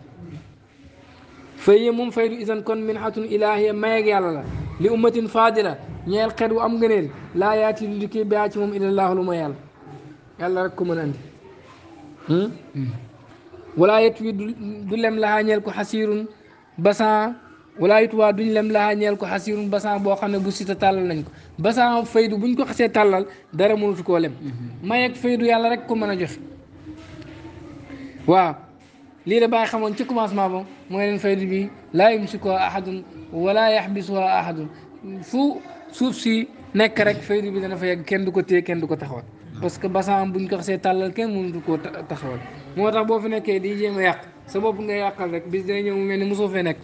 fay yi moom fay du isan kon min xatun ilaahiya mayeeg yàlla la li ummatin faadila ñeel xet wu am ngëneel laa yaati lu dikkee ba ci moom illallahu lu ma yàlla yàlla rek ko mën andi walaa yet wi du lem laxaa ñeel ko xasiirun basan walaa yit waa duñ lem laxaa ñeel ko xasiirun basan boo xam ne bu sita tàllal nañ ko basan faydu buñ ko xasee tàllal dara mënatu koo lem mayeeg faydu yàlla rek ko mën a joxe waaw lii la bàyyi xamoon ci commencement ba mooy leen faydu bi laa yumsikuha ahadun wala yaxbisuha ahadun fu suuf si nekk rek faydu bi dana fa yegg kenn du ko téye kenn du ko taxawal parce que basan buñ ko xasee tàllal kenn mënut koo taxawal moo tax boo fi nekkee di jéem a yàq sa bopp nga yàqal rek bis day ñëw mu mel ni mosoo fee nekk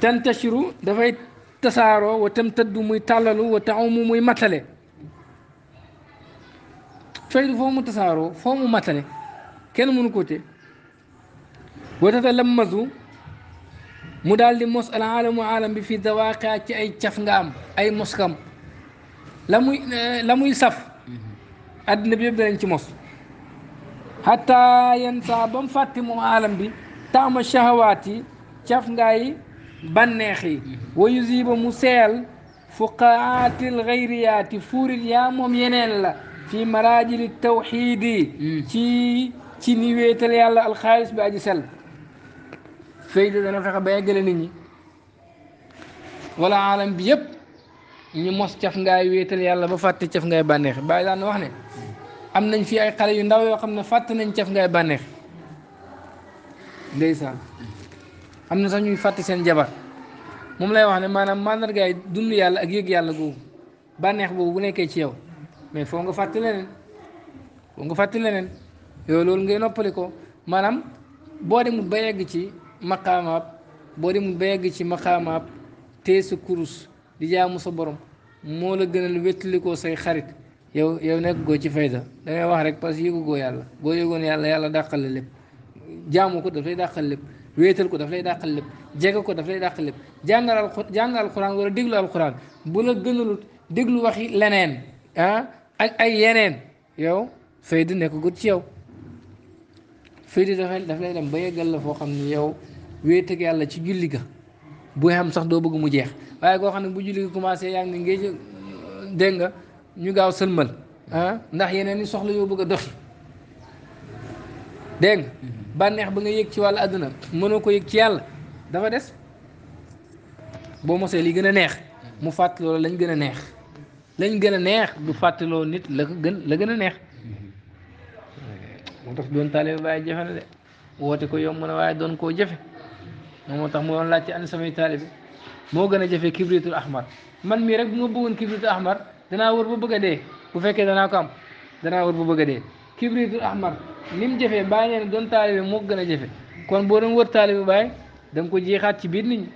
tantashiru dafay tasaaroo wa tam tëddu muy tàllalu wa taumu muy matale فايدو فوم متسارو فوم ماتالي كين مونو كوتي وتتلمذو مو دالدي موس العالم عالم بفي ذواقع اي تياف غام اي موسكام لاموي لاموي صاف ادنا بيب دا نتي موس حتى ينسى بام فاتي مو عالم بي تام شهواتي تياف غاي بانيخي ويزيب موسيل فقاعات الغيريات فور اليام يا لا fi maraajili tawxiidi hmm. ci ci ni yàlla alxaalis bi aji sell fayda dana fexe ba yeggale nit ñi wala bi yépp ñu mos caf ngaay wéetal yàlla ba fàtte caf ngaay bànneex bàyyi daan wax ne am nañ fi ay xale yu ndaw yoo xam ne fàtte nañ caf ngaay bànneex ndeysaan am na sax ñuy fàtte seen jabar moom lay wax ne maanaam mandargaay dund yàlla ak yëg yàlla googu bànneex boobu bu nekkee ci yow mais foo nga fàtte leneen foo nga fàtte leneen yooyu loolu ngay noppali ko maanaam boo demul ba yegg ci maqaamaab boo demul ba yegg ci maqaamaab tee sa kurus di jaamu sa borom moo la gënal wéttali ko say xarit yow yow nekk goo ci fayda da wax rek parce que yëgu goo yàlla boo yëgoon yàlla yàlla dàqal la lépp ko daf lay dàqal lépp wéetal ko daf lay dàqal lépp jege ko daf lay dàqal lépp jàngal alxu jàngal alxuraan wala déglu alxuraan bu la gënalut déglu waxi leneen ah, ak ay yeneen yow fay di nekk gut ci yow fay di dafay daf lay dem ba yeggal la foo xam ne yow wéet yàlla ci julli ga buy xam sax doo bëgg mu jeex waaye koo xam ne bu julli ga commencé yaa ngi ngay dégg nga ñu gaaw sëlmal ah ndax yeneen i soxla yoo bëgg a doxi dégg nga mm-hmm. bànneex ba nga yëg ci wàllu àdduna mënoo ko yëg ci yàlla dafa des boo mosee li gën a neex mu fàtt loolu lañ gën a neex lañ gën a neex du fàttaloo nit la ko gën la gën a neex mm-hmm. moo tax doon taalibe Baay jafe de woote ko yomb na waaye doon koo jafe moom moo tax mu doon laajte an samay taalibe gën a jafe kibritul ahmar man mii rek moo ma bëggoon kibritul ahmar danaa war ba bëgg a dee bu fekke danaa ko am danaa war ba bëgg a dee kibritul ahmar ni mu jafee bàyyi nee na doon taalibe moo gën a jafe kon boo doon wër taalibe Baay da ko jeexaat ci biir nit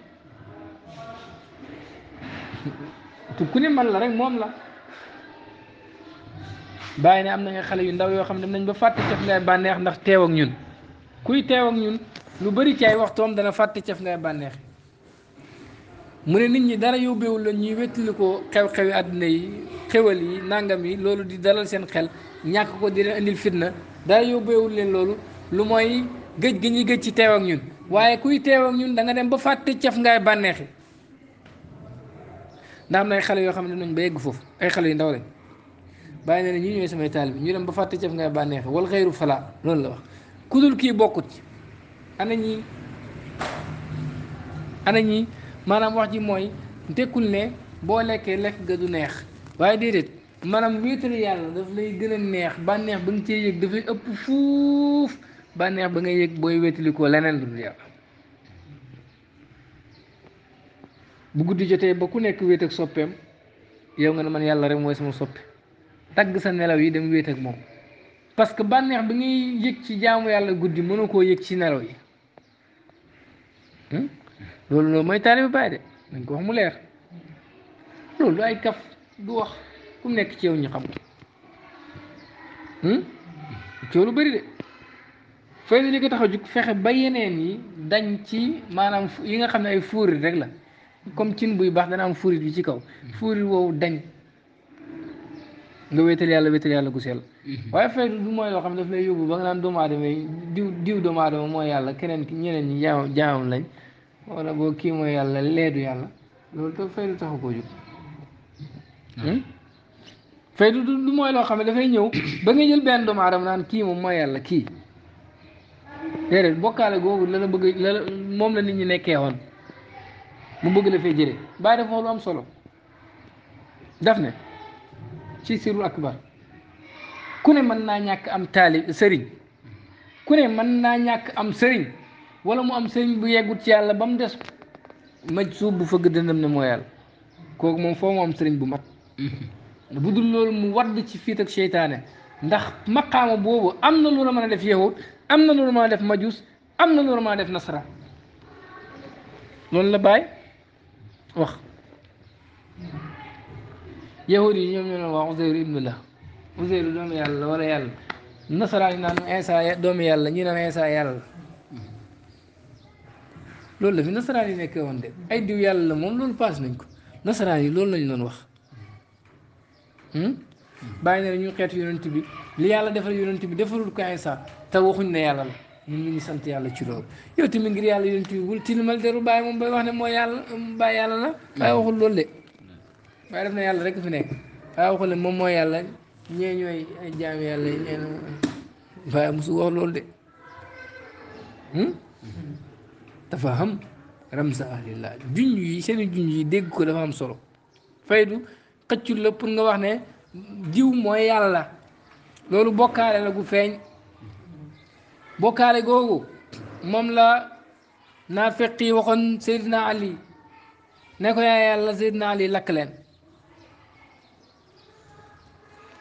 ku ne man la rek moom la bàyyi ne am na nga xale yu ndaw yoo xam ne dem nañ ba fàtte caf ngay bànneex ndax teew ak ñun kuy teew ñun lu bëri ci ay dana fàtte caf ngay bànneex mu ne nit ñi dara yóbbeewul la ñuy wettali ko xew-xewi àdduna yi xewal yi nangam yi loolu di dalal seen xel ñàkk ko di leen indil fitna dara yóbbeewul leen loolu lu mooy gëj gi ñuy géej ci teew ak ñun waaye kuy teew ñun danga dem ba fàtte caf ngay bànneexi ndax am na ay xale yoo xam ne nañ ba yegg foofu ay xale yu ndaw lañ bàyyi na ne ñi ñooy samay bi ñu dem ba fàtte caf ngay bànneex wal xayru fala loolu la wax ku dul kii bokkut ci ana ñi ana ñi maanaam wax ji mooy tekkul ne boo lekkee lekk ga du neex waaye déedéet maanaam wéetali yàlla daf lay gën a neex bànneex ba nga cee yëg dafay ëpp fuuf bànneex ba nga yëg booy wéetalikoo leneen lu dul yàlla bu guddi jotee ba ku nekk wéet ak soppeem yow nga ne man yàlla rek mooy sama soppi tagg sa nelaw yi dem wéet ak moom parce que bànneex bi ngay yëg ci jaamu yàlla guddi mënu koo yëg ci nelaw yi hmm? loolu loolu mooy taalibe Baay de dañ ko wax mu leer loolu ay kaf du wax ku nekk ci yaw ñu xam hmm? coow lu bëri de fay li ko tax a jug fexe ba yeneen yi dañ ci maanaam yi nga xam ne ay fóori rek la comme cin buy baax dana am furit bi ci kaw furit woowu dañ nga wéetal yàlla wéetal yàlla gu sell mhm. waaye fay du mooy loo xam daf lay yóbbu ba nga naan doomu aadama yi diw diw doomu aadama mooy yàlla keneen ki ñeneen ñi jaamam jaamam lañ wala boo kii mooy yàlla leedu yàlla loolu te fay du taxu koo jóg ah. hmm? fay du du mooy loo xam ne dafay ñëw ba nga jël benn doomu aadama naan kii moom mooy yàlla kii déedéet bokkaale googu la la bëgg la moom la nit ñi nekkee woon mu bëgg la fay jëlee bàyyi dafa lu am solo daf ne ci sirul akbar ku ne mën naa ñàkk am taali sëriñ ku ne mën naa ñàkk am sëriñ wala mu am sëriñ bu yeggut ci yàlla ba mu des maj suuf bu fëgg dëndam ne moo yàlla kooku moom foo mu am sëriñ bu mat bu dul loolu mu wadd ci fiit ak seytaane ndax maqaama boobu am na lu la mën a def yahud am na lu la a def majus am na lu la mën a def nasara loolu la bàyyi wax yahud yi ñoom ñoo doon wax Uzayru ibnullah Uzayru doomu yàlla wala yàlla nasaraan yi naan Insa doomu yàlla la naan Insa yàlla loolu la fi nasaraan yi nekkee woon de ay diw yàlla la moom loolu paas nañ ko nasaraan yi loolu lañ doon wax hmm? bàyyi na ñu xeetu yonent bi li yàlla defal yonent bi defalul ko Insa te waxuñ na yàlla la ñun ngi sant yàlla ci loolu yow tamit ngir yàlla yonent bi bul tilimal deru bàyyi moom bay wax ne moo yàlla bàyyi yàlla la waaye waxul loolu de waaye def na yàlla rek fi nekk waaye waxul ne moom mooy yàlla ñee ñooy jaam yàlla yi ñeen waaye mosu seen i yi dégg ko dafa am solo la pour nga wax ne jiw mooy yàlla loolu bokkaale la gu feeñ bokkaale googu moom la naafeq yi waxoon Seydina Ali ne ko yaay yàlla Seydina Ali lakk leen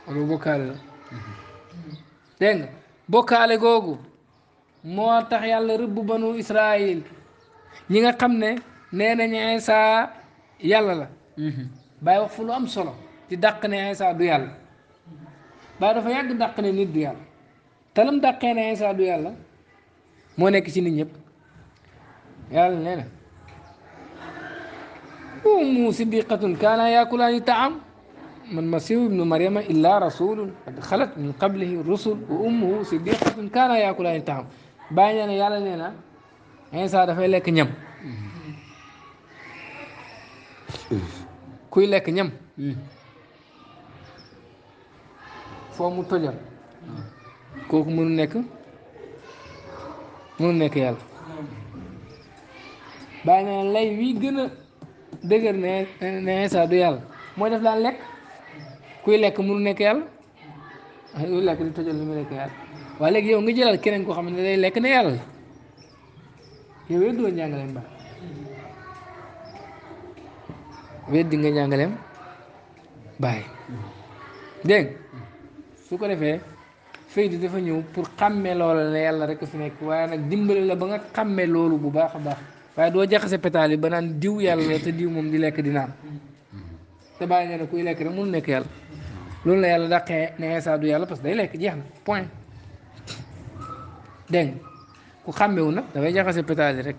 loolu bokkaale la dégg nga googu moo tax yàlla rëbb banu Israil ñi nga xam ne nee nañu Isaa yàlla la mhm. bàyyi wax fu lu am solo ci daq ne Isaa du yàlla bàyyi dafa yàgg daq ne nit du yàlla talam dàqee يا Isa du yàlla moo nekk ci nit ñëpp yàlla nee na ummu siddiqatun kaana yaakulaani taam من مسيح ابن مريم إلا رسول قد خلت من قبله الرسل وأمه صديقة كان يأكل أي طعام باين أنا يالا نينا عيسى دافاي لك نيم كوي لك نيم فو مو توجال kooku mënu nekk mënu nekk yàlla bàyyi na lay wi gën a dëgër ne ne Iisaa du yàlla mooy def laa lekk kuy lekk mënu nekk yàlla lu ah, lekk di tojal waaye léegi yow nga jëlal keneen koo xam ne day lekk ne yàlla la yow weddoo njàngaleem ba weddi su ko defee faydu dafa ñëw pour xàmme loola ne yàlla rek fi nekk waaye nag dimbali la ba nga xàmme loolu bu baax a baax waaye doo jaxase pétaal ba naan diw yàlla te diw moom di lekk di naan te bàyyi nee na kuy lekk rek mënul nekk yàlla la yàlla daqee yàlla parce que day lekk jeex na point dégg ku xàmmewu nag dafay jaxase pétaal rek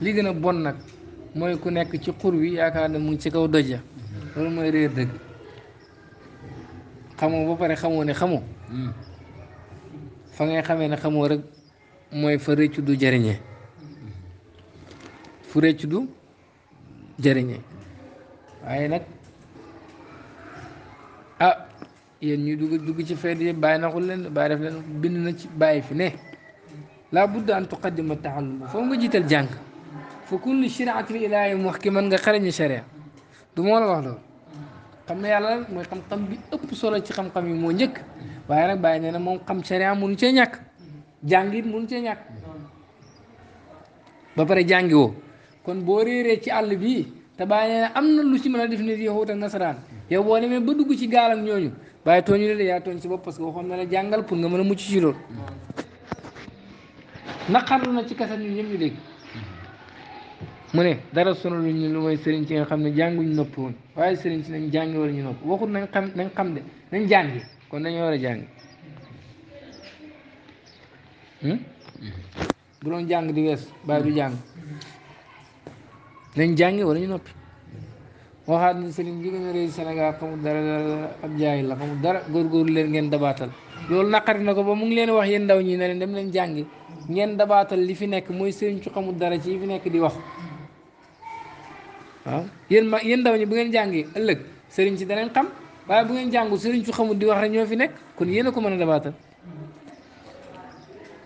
li gën a bon nag mooy ku nekk ci xur wi yaakaar ne mu ngi ci kaw doj loolu mooy réer dëgg xamoo ba pare xamoo ne xamoo fa ngay xamee na xamoo rek mooy fa rëccu du jariñe fu du jariñe waaye nag ah yéen ñuy dugg dugg ci fayda yëpp bàyyi naxul leen bàyyi def bind na ci bàyyi fi ne laa budd an tuqaddima taallum foofu nga jiital jàng fa kullu shiraatin ilaahi wax ki mën nga xarañu sharia du moo wax loolu xam na yàlla mooy xam-xam ci xam yi moo njëkk waaye nag bàyyi nee na moom xam sharia mënu cee ñàkk jàng it mënu cee ñàkk ba pare jàngi woo kon boo réeree ci àll bi te bàyyi nee am na lu ci mën a def nit yahuud ak nasaraan yow boo demee ba dugg ci gaal ñooñu bàyyi tooñu la de yaa tooñ bopp parce que waxoon na la jàngal pour nga mën a mucc ci loolu naqarlu na ci kaset ñun ñëpp ñu dégg mu ne dara sonalu ñu lu mooy sëriñ ci nga xam ne jànguñu noppi woon waaye sëriñ ci nañ jàngi wala ñu nopp waxut nañ xam nañ xam de nañ jàngi Kononnya orang Hmm? Belum jang di gitu, baru hmm. jang. Lain jangi orang noppi. waxaat na sëriñ bi gën a réy Sénégal dara dara ab jaay la xamul dara góorgóorlu leen ngeen dabaatal loolu naqari na ba mu ngi leen wax yéen ndaw ñi ne leen dem leen jàngi ngeen li fi nekk dara ci fi nekk di wax waaw yéen ma yéen ndaw ñi bu ngeen jàngi ëllëg sëriñ si daneen xam waaye bu ngeen jàngu sëriñ ci xamul di wax rek ñoo fi nekk kon yéen a ko mën a dabaatal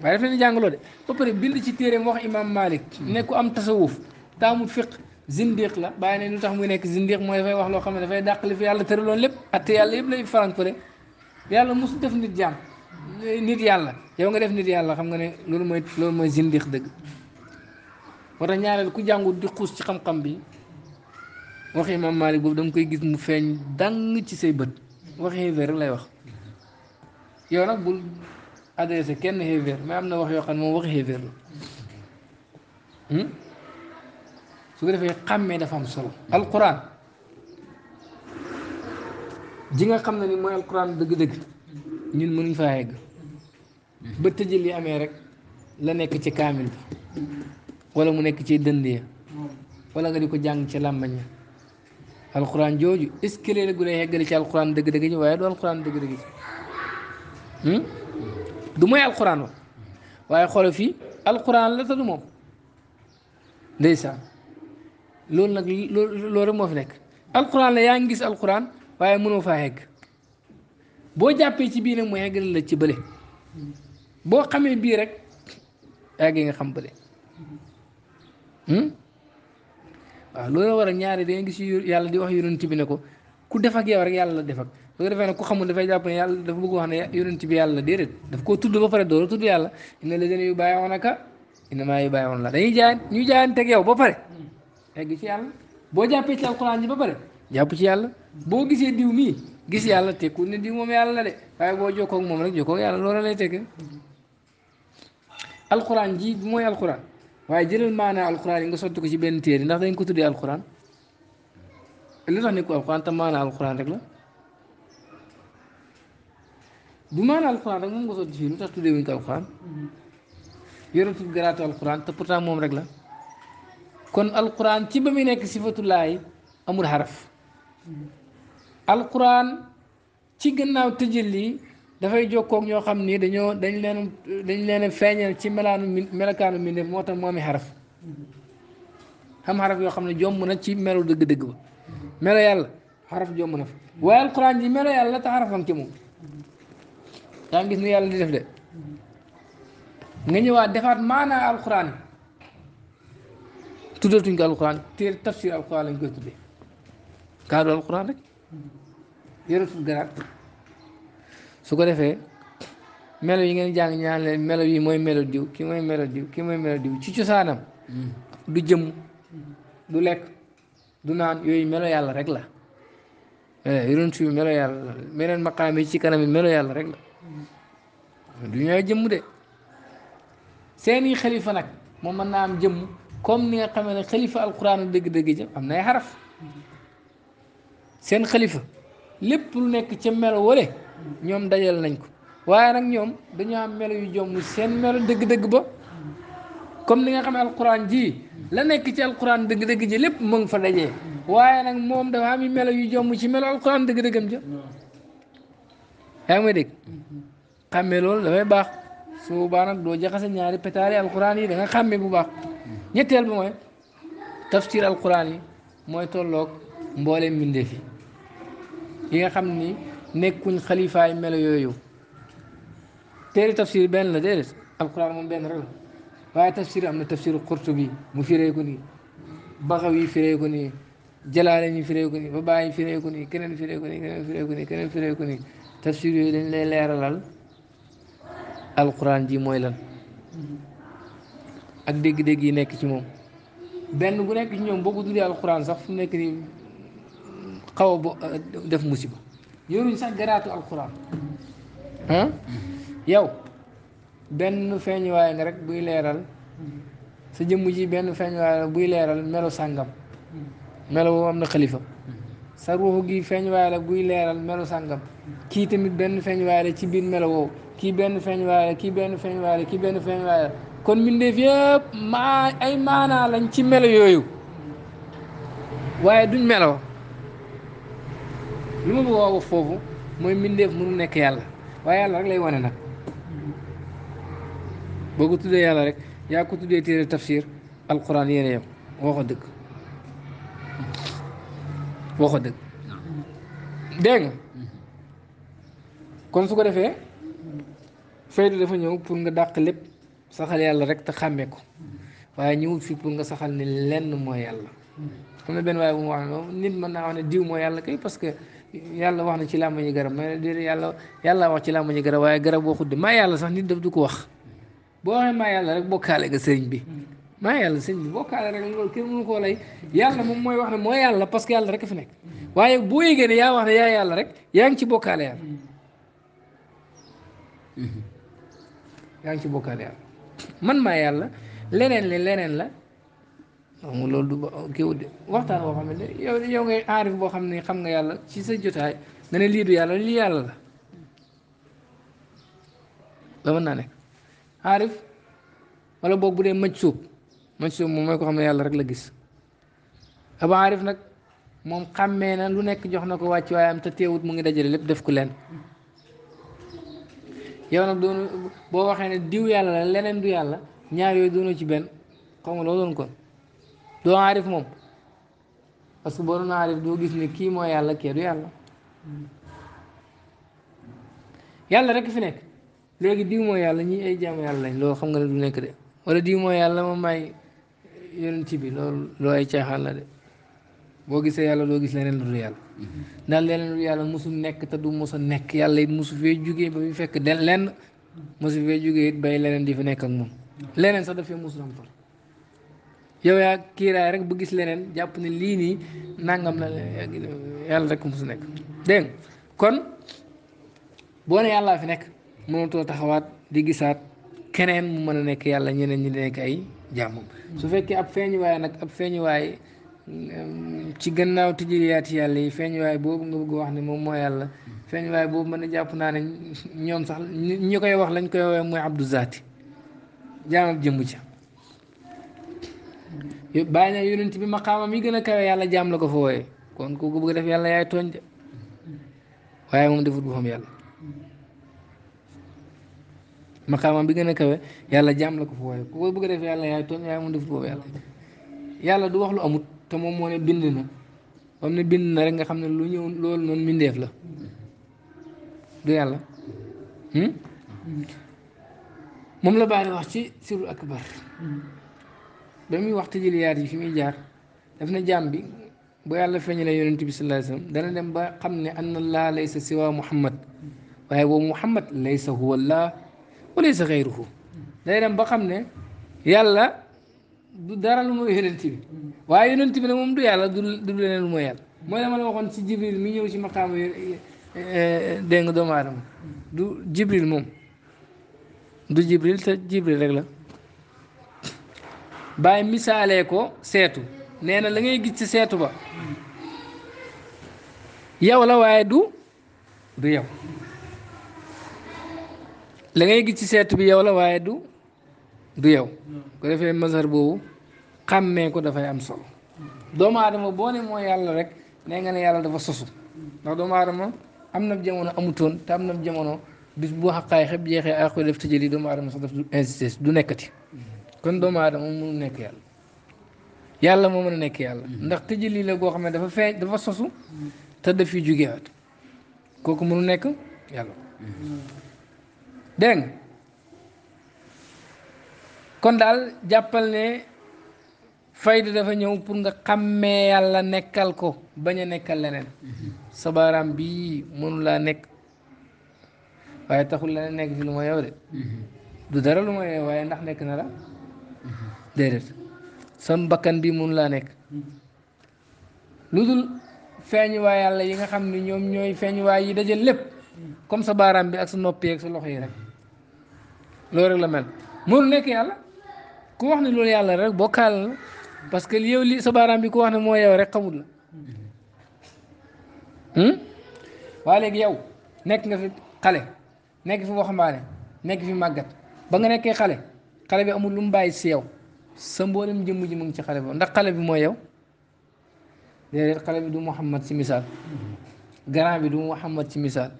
waaye daf leen jàngaloo de ba pare bind ci téeréem wax imam malik ne ku am tasawuf taamul fiq zindiq la bàyyi ne lu tax muy nekk zindiq mooy fay wax loo xam ne dafay dàq fi yàlla tëraloon lépp atte yàlla yëpp lay farankoore yàlla mosu def nit jàm nit yàlla yow nga def nit yàlla xam nga ne loolu mooy loolu mooy zindiq dëgg war a ñaareel ku jàngu di xuus ci xam-xam bi waxi imam Malik boobu da nga koy gis mu feeñ dàng ci say bët waxi xeefeer lay wax yow nag kenn xeefeer na wax yoo xam ne moom waxi xeefeer hmm? ko defee xàmmee dafa am solo alquran ji nga xam ne ni mooy alquran dëgg-dëgg amee rek la nekk ci kaamil bi wala mu nekk ci dënd ya wala nga di ko jàng ci làmbañ ya alquran jooju est ce que léeg-léeg gu lay xeggale ci alquran dëgg-dëgg ji waaye du alquran dëgg-dëgg ji hmm? du mooy alquran wa waaye xoolal fii alquran la te du moom ndeysaan loolu nag loolu rek moo fi nekk alquran la yaa ngi gis alquran waaye mënoo faa xegg boo jàppee ci bii nag mu xeggale la ci bële boo xamee bii rek yaa ngi nga xam bële. Hmm? waaw loolu war a ñaari da nga gis yàlla di wax yonent bi ne ko ku def ak yow rek yàlla la def ak bu ko defee ku xamul dafay jàpp ne yàlla dafa bëgg wax ne yonent bi yàlla la déedéet daf koo tudd ba pare door a tudd yàlla inna lazina yu bàyyi woon aka inna maa yu bàyyi woon la dañuy jaay ñu jaayanteeg yow ba pare egg ci yàlla boo jàppee ci alquran ji ba pare jàpp ci yàlla boo gisee diw mii gis yàlla tekku ne diw moom yàlla la de waaye boo jokkoo moom rek jokkoo ak yàlla la lay tekk alquran ji mooy alquran waaye jëlal maanaa alxuraan nga sotti ko ci benn téere ndax dañ ko tuddee alxuraan li tax ne ko alxuraan te maanaa alxuraan rek la bu maanaa alxuraan rek moom nga sotti fii lu tax tuddee wuñ ko alxuraan yoratul garaatu alxuraan te pourtant moom rek la kon alxuraan ci ba muy nekk sifatullaay amul xaraf alxuraan ci gannaaw tëjël lii dafay jokkook ñoo xam ni dañoo dañ leen dañ leen feeñal ci melaanu melakaanu mbindéef moo tax moom i xaraf xam xaraf yoo xam ne jomb na ci melu dëgg-dëgg ba melo yàlla xaraf jomb na fa waaye alquran ji melo yàlla te xarafam ci moom daa gis ni yàlla di def de nga ñëwaat defaat maanaa alquran tuddatuñ ko alquran téere tafsir alquran lañ koy tuddee kaadu alquran rek su ko defee melo yi ngeen jàng ñaan leen melo yi mooy melo diw ki mooy melo diw ki mooy melo diw ci cosaanam mm. du jëmm du lekk du naan yooyu melo yàlla rek la eh, yonent melo yàlla la meneen ci kanam melo yàlla rek la mm. du jëmm de seeni xalifa nag moom mën naa am jëmm comme ni nga xamee ne xalifa alquran dëgg-dëgg jëm am nay xaraf mm. seen xalifa lépp lu nekk ca melo wale ñoom dajal nañ ko waaye nag ñoom dañoo am melo yu jomm seen melo dëgg-dëgg ba comme ni nga xam ne alquran ji la nekk ci alquran dëgg-dëgg ji lépp mu ngi fa dajee waaye nag moom dafa am melo yu jomm ci melo alquran dëgg-dëggam ja yaa ngi may dégg xàmmee loolu damay baax su boobaa nag doo jaxase ñaari pétaari alquran yi danga nga xàmmee bu baax ñetteel bi mooy tafsir alquran yi mooy tollook mbooleem mbindeef yi nga xam ni نكون خليفة عمال يويو تاري تفسير بين لدارس القرآن من بين رغم وهي تفسير أمن تفسير القرطبي مفير يكوني بغوي فير يكوني جلالي فير يكوني وباي فير يكوني كنن فير يكوني كنن فير يكوني كنن تفسير يدين لي ليرالال القرآن دي مويلان ak deg deg yi nek ci mom ben bu nek ci ñom bogu dul القرآن القران sax fu nek ni yoruñ sax garaatu yow benn feeñuwaay nga rek buy leeral sa jëmm ji benn feeñuwaay la buy leeral melo sàngam melo woo am na xalifa sa ruuxu gi feeñuwaay la buy leeral melo sàngam kii tamit benn feeñuwaay la ci biir melo kii benn feeñuwaay la kii benn feeñuwaay la benn feeñuwaay kon mbindeef yëpp maa ay maanaa lañ ci melo yooyu waaye duñ melo mu woowu foofu mooy mbindeef mënu nekk yàlla waaye yàlla rek lay wane nag boo ko tuddee yàlla rek yaa ko tuddee téere tafsir alquran yéene yam waxo dëgg waxo dëgg dégg nga kon su ko defee faydu dafa ñëw pour nga dàq lépp saxal yàlla rek te xàmmee ko waaye ñëwut fii pour nga saxal ni lenn mooy yàlla xam na benn waaye bu mu wax ne nit mën naa wax ne diw mooy yàlla kay parce que yàlla wax na ci làmmiñu garab mais yàlla yàlla wax ci làmmiñu garab waaye garab boo xuddi maa yàlla sax nit daf du ko wax boo waxee maa yàlla rek bokkaale nga sëriñ bi maa yàlla sëriñ bi bokkaale rek loolu kenn mënu koo lay yàlla moom mooy wax ne moo yàlla parce que yàlla rek a fi nekk waaye boo yëgee yaa wax ne yaa yàlla rek yaa ngi ci bokkaale yàlla mm-hmm. ngi ci bokkaale yàlla man maa yàlla leneen li leneen la xam loolu du ba kii wut de waxtaan boo xam ne yow ngay aarif boo xam ne xam nga yàlla ci sa jotaay nga ne lii du yàlla lii yàlla la ba mën naa wala boog bu dee maj suub maj suub moom yàlla rek la gis ab nag moom xàmmee na lu nekk jox na ko wàcc waayam te teewut mu ngi dajale lépp def ko leen yow nag boo waxee ne diw yàlla leneen du yàlla ñaar yooyu doonoo ci benn xaw ma loo doon kon doo aarif moom parce que boo doon aarif doo gis ni kii moo yàlla kee du yàlla yàlla rek fi nekk léegi diw moo yàlla ñii ay jaamu yàlla lañ loolu xam nga ne du nekk de wala diw mooy yàlla moo may yonent bi loolu loo ay caaxaan de boo gisee yàlla doo gis leneen lu dul yàlla ndax leneen lu dul yàlla musul nekk te du mos nekk yàlla it musu fee jugee ba fi fekk lenn musu fee jugee bay leneen di fi nekk ak moom leneen sax dafee musul am far yow yaa kiiraay rek bu gis leneen jàpp ne lii nii nangam la yàlla rek musu nekk dégg kon boo ne yàllaa fi nekk mënatoo taxawaat di gisaat keneen mu mën a nekk yàlla ñeneen ñi di nekk ay jàmmam su fekkee ab feeñuwaay nag ab feeñuwaay mm, ci gannaaw tijjiriyaati yàlla yi feeñuwaay boobu nga bëgg wax ne moom mooy yàlla feeñuwaay boobu mën a jàpp naa ne ñoom sax ñu koy wax lañ koy woowee mooy abdu zaati jaamal jëmb ca bàyyi na yonent bi maqaamam yi gën a kawe yàlla jaam la ko fa wooye kon ku ko bëgg def yàlla yaay tooñ de waaye moom defut boppam bi gën a kawe yàlla jaam ko fa bëgg def yàlla yaay yàlla du wax lu amut te moom moo ne bind na moom ne bind na rek nga xam ne lu ñëw loolu noonu mbindeef la du yàlla hmm? Hmm. moom la bàyyi wax ci sirul akbar hmm. ba muy wax tëjëliyaat yi fi muy jaar daf na jaam bi bu yàlla feeñalee yonent bi sallallahu alayhi wasallam dana dem ba xam ne anna laa laysa siwa muhammad waaye boobu muhammad laysa huwa llah wa laysa xayruhu day dem ba xam ne yàlla du dara lu mooy yonent bi waaye yonent bi ne moom du yàlla du du leneen lu mooy yàlla mooy dama la waxoon ci jibril mi ñëw ci maqaama dégg nga doomu aadama du jibril moom du jibril te jibril rek la bàyyi misaalee ko seetu nee na la ngay gis ci seetu ba yow la waaye du du yow la ngay gis ci seetu bi yow la waaye du du yow ko defee masar boobu xàmmee ko dafay am solo doomu aadama boo ne mooy yàlla rek nee nga ne yàlla dafa sosu ndax doomu aadama am na jamono amutoon te am na jamono bis bu xaqaay xëpp jeexee ak def tëjëli doomu aadama sax daf du insisté du nekkati kon doomu aadama mënul nekk yàlla yàlla moo mën a nekk yàlla mm-hmm. ndax tëjël lii la goo xam ne dafa feeñ dafa sosu te daf fi jugewaat kooku mënu nekk yàlla mm-hmm. dégg kon daal jàppal ne fayda dafa ñëw pour nga xàmmee yàlla nekkal ko bañ a nekkal leneen mm-hmm. sa baaraam bi mënu laa nekk waaye taxul leneen nekk fi lu ma yow de du dara lu ma yow waaye ndax nekk na la déedéet sam bakkan bi mun laa nekk lu dul feeñuwaay yàlla yi nga xam ni ñoom ñooy feeñuwaay yi dajal lépp comme sa baaraam bi ak sa nopp ak sa loxo yi rek loolu rek la mel mënu nekk yàlla ku wax ne loolu yàlla rek boo la parce que li yow li sa baaraam bi ku wax ne moo yow rek xamul la hmm? waa léegi yow nekk nga fi xale nekk fi waxambaane nekk fi màggat ba nga nekkee xale xale bi amul lu mu bàyyi si yow sa mbooleem jëmm ji mu ngi ci xale ba ndax xale bi mooy yow déedéet xale bi du Muhammad ci misaal grand bi du Muhammad ci misaal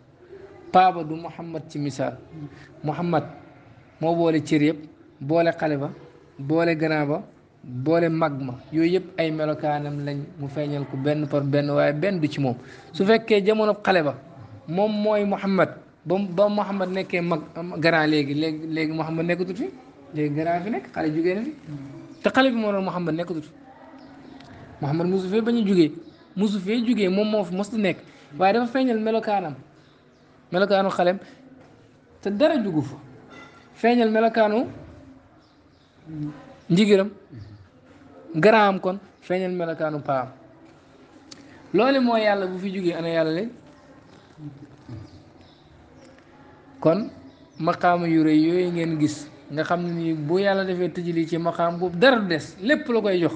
paaba du Muhammad ci misaal Muhammad moo boole cër yëpp boole xale ba boole grand ba boole mag ma yooyu yëpp ay melokaanam lañ mu feeñal ko benn par benn waaye benn du ci moom su fekkee jamono xale ba moom mooy Muhammad ba ba Muhammad nekkee mag grand léegi léegi léegi Muhammad nekkatul fi léegi grand fi nekk xale jugee na fi hmm. te xale bi moo doon Mouhamad nekkatut Mouhamad mosu fee bañ jugee mosu fee jugee moom moo fi mos di nekk waaye dafa feeñal melokaanam melokaanu xalem te dara jugu feeñal melokaanu njigiram garaam kon feeñal melokaanu paam loole moo yàlla bu fi jugee ana yàlla leen kon maqaama yu rëy yooyu ngeen gis nga xam ne nii bu yàlla defee tëjali ci maqaam boobu dara du des lépp la koy jox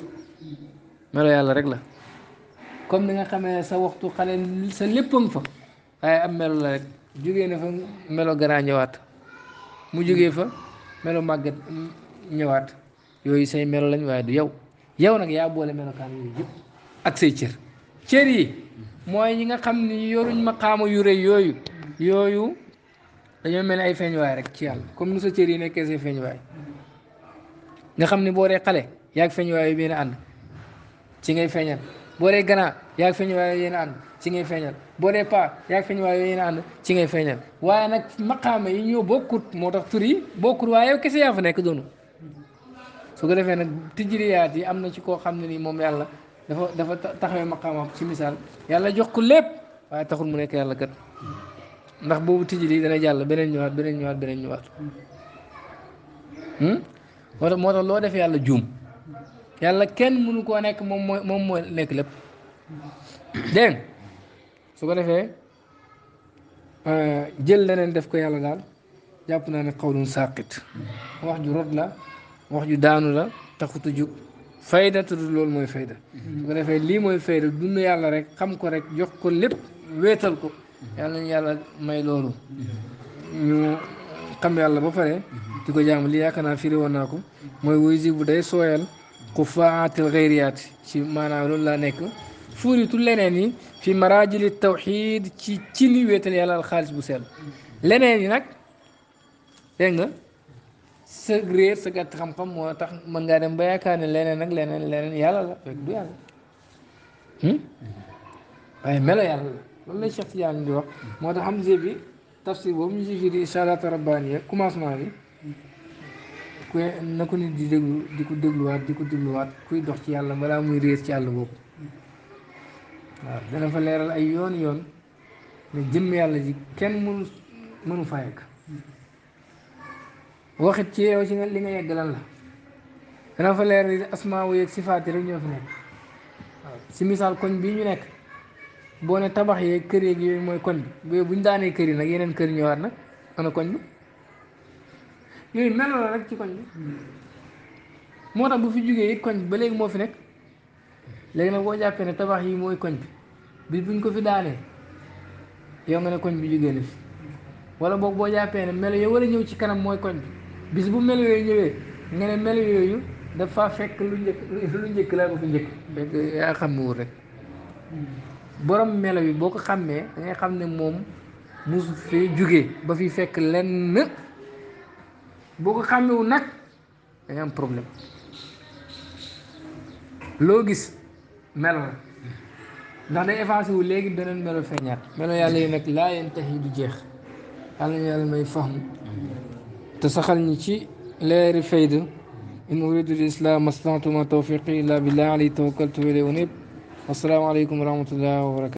melo yàlla rek la comme ni nga xamee sa waxtu xale sa léppam fa waaye am melo la rek jógee na fa melo garaa ñëwaat mu jógee fa melo màggat ñëwaat yooyu say melo lañ waaye du yow yow nag yaa boole melokaan yooyu yu rëy yooyu yooyu dañoo mel ne ay feeñuwaay rek ci yàlla comme nu sa cër yi nekkee say feeñuwaay nga xam ne boo dee xale yaag feeñuwaay yi benn ànd ci ngay feeñal boo dee ganaar yaag feeñuwaay yi yéen a ci ngay feeñal boo dee paa yaag feeñuwaay yi ci ngay feeñal waaye nag maqaama yi ñoo bokkut moo tax turi yi bokkut waaye kese yaa fa nekk doonu su ko defee nag tijjiriyaat yi am na ci koo xam ne ni moom yàlla dafa dafa taxawee maqaama ci misaal yàlla jox ko lépp waaye taxul mu nekk yàlla kat ndax boobu tijji li dana jàll beneen ñëwaat beneen ñëwaat beneen ñëwaat hmm? moo moo tax loo def yàlla juum yàlla kenn mënu koo nekk moom mooy moom mooy nekk lépp dégg su ko defee euh, jël leneen def ko yàlla daal jàpp naa ne xawlun sàqit wax ju rot la wax ju daanu la taxutu jug fayda tudd loolu mooy fayda su ko defee lii mooy fayda dund yàlla rek xam ko rek jox ko lépp wéetal ko yàlla nañu yàlla may loolu ñu yàlla ba pare di ko jaam li yaakaar naa firi woon naa ko mooy wuy si bu day sooyal ku faatil xayriyaat ci maanaam loolu laa nekk fuuritu leneen yi fi maraajili tawxiid ci ci ni wéetal yàlla al xaalis bu sell leneen yi nag dégg nga sa réer sa gàtt moo tax mën ngaa dem ba yaakaar ne leneen ak leneen leneen yàlla la fekk du yàlla hmm? la loolu lay Cheikh Tidiane di moo tax Hamza bi tafsir boobu ñu si firi ishaarata rabbaaniya commencement bi ku na ko nit di déglu di ko dégluwaat di ko dégluwaat kuy dox ci yàlla balaa muy réer ci àll boobu waaw dana fa leeral ay yoon yoon ne jëmm yàlla ji kenn mënu mënu faa yegg waxit ci yow ci li nga yegg lan la dana fa leeral asmaa wu yeeg sifaat yi rek ñoo fi nekk si misaal koñ bii ñu nekk boo ne tabax yee kër yeeg yooyu mooy koñ bi bu ñu daanee kër yi nag yeneen kër ñëwaat nag ana koñ bi yooyu melo la ci koñ moo tax bu fi jógee it koñ bi ba léegi moo fi nekk léegi nag boo jàppee ne tabax yi mooy koñ bi bis buñ ko fi daanee yow nga koñ bi jógee na fi wala boog boo jàppee ne melo yow war a ñëw ci kanam mooy koñ bi bis bu melo yooyu ñëwee nga ne melo yooyu dafa fekk lu njëkk lu njëkk laa ko fi njëkk yaa xam ne wut rek borom melo yi boo ko xàmmee da ngay xam ne moom musu fee jóge ba fi fekk lenn boo ko xàmmewu nag da am problème loo gis melo la ndax day effacé wu léegi beneen melo feeñaat melo yàlla yi nag laa yeen tax yi du jeex yàlla ñu yàlla may fahm te saxal ñi ci leeri fayda in uridu l islam astantuma tawfiqi illa billah alayhi tawakkaltu wa ilayhi unib asalaamaaleykum wa rahmatulah wa barakaatu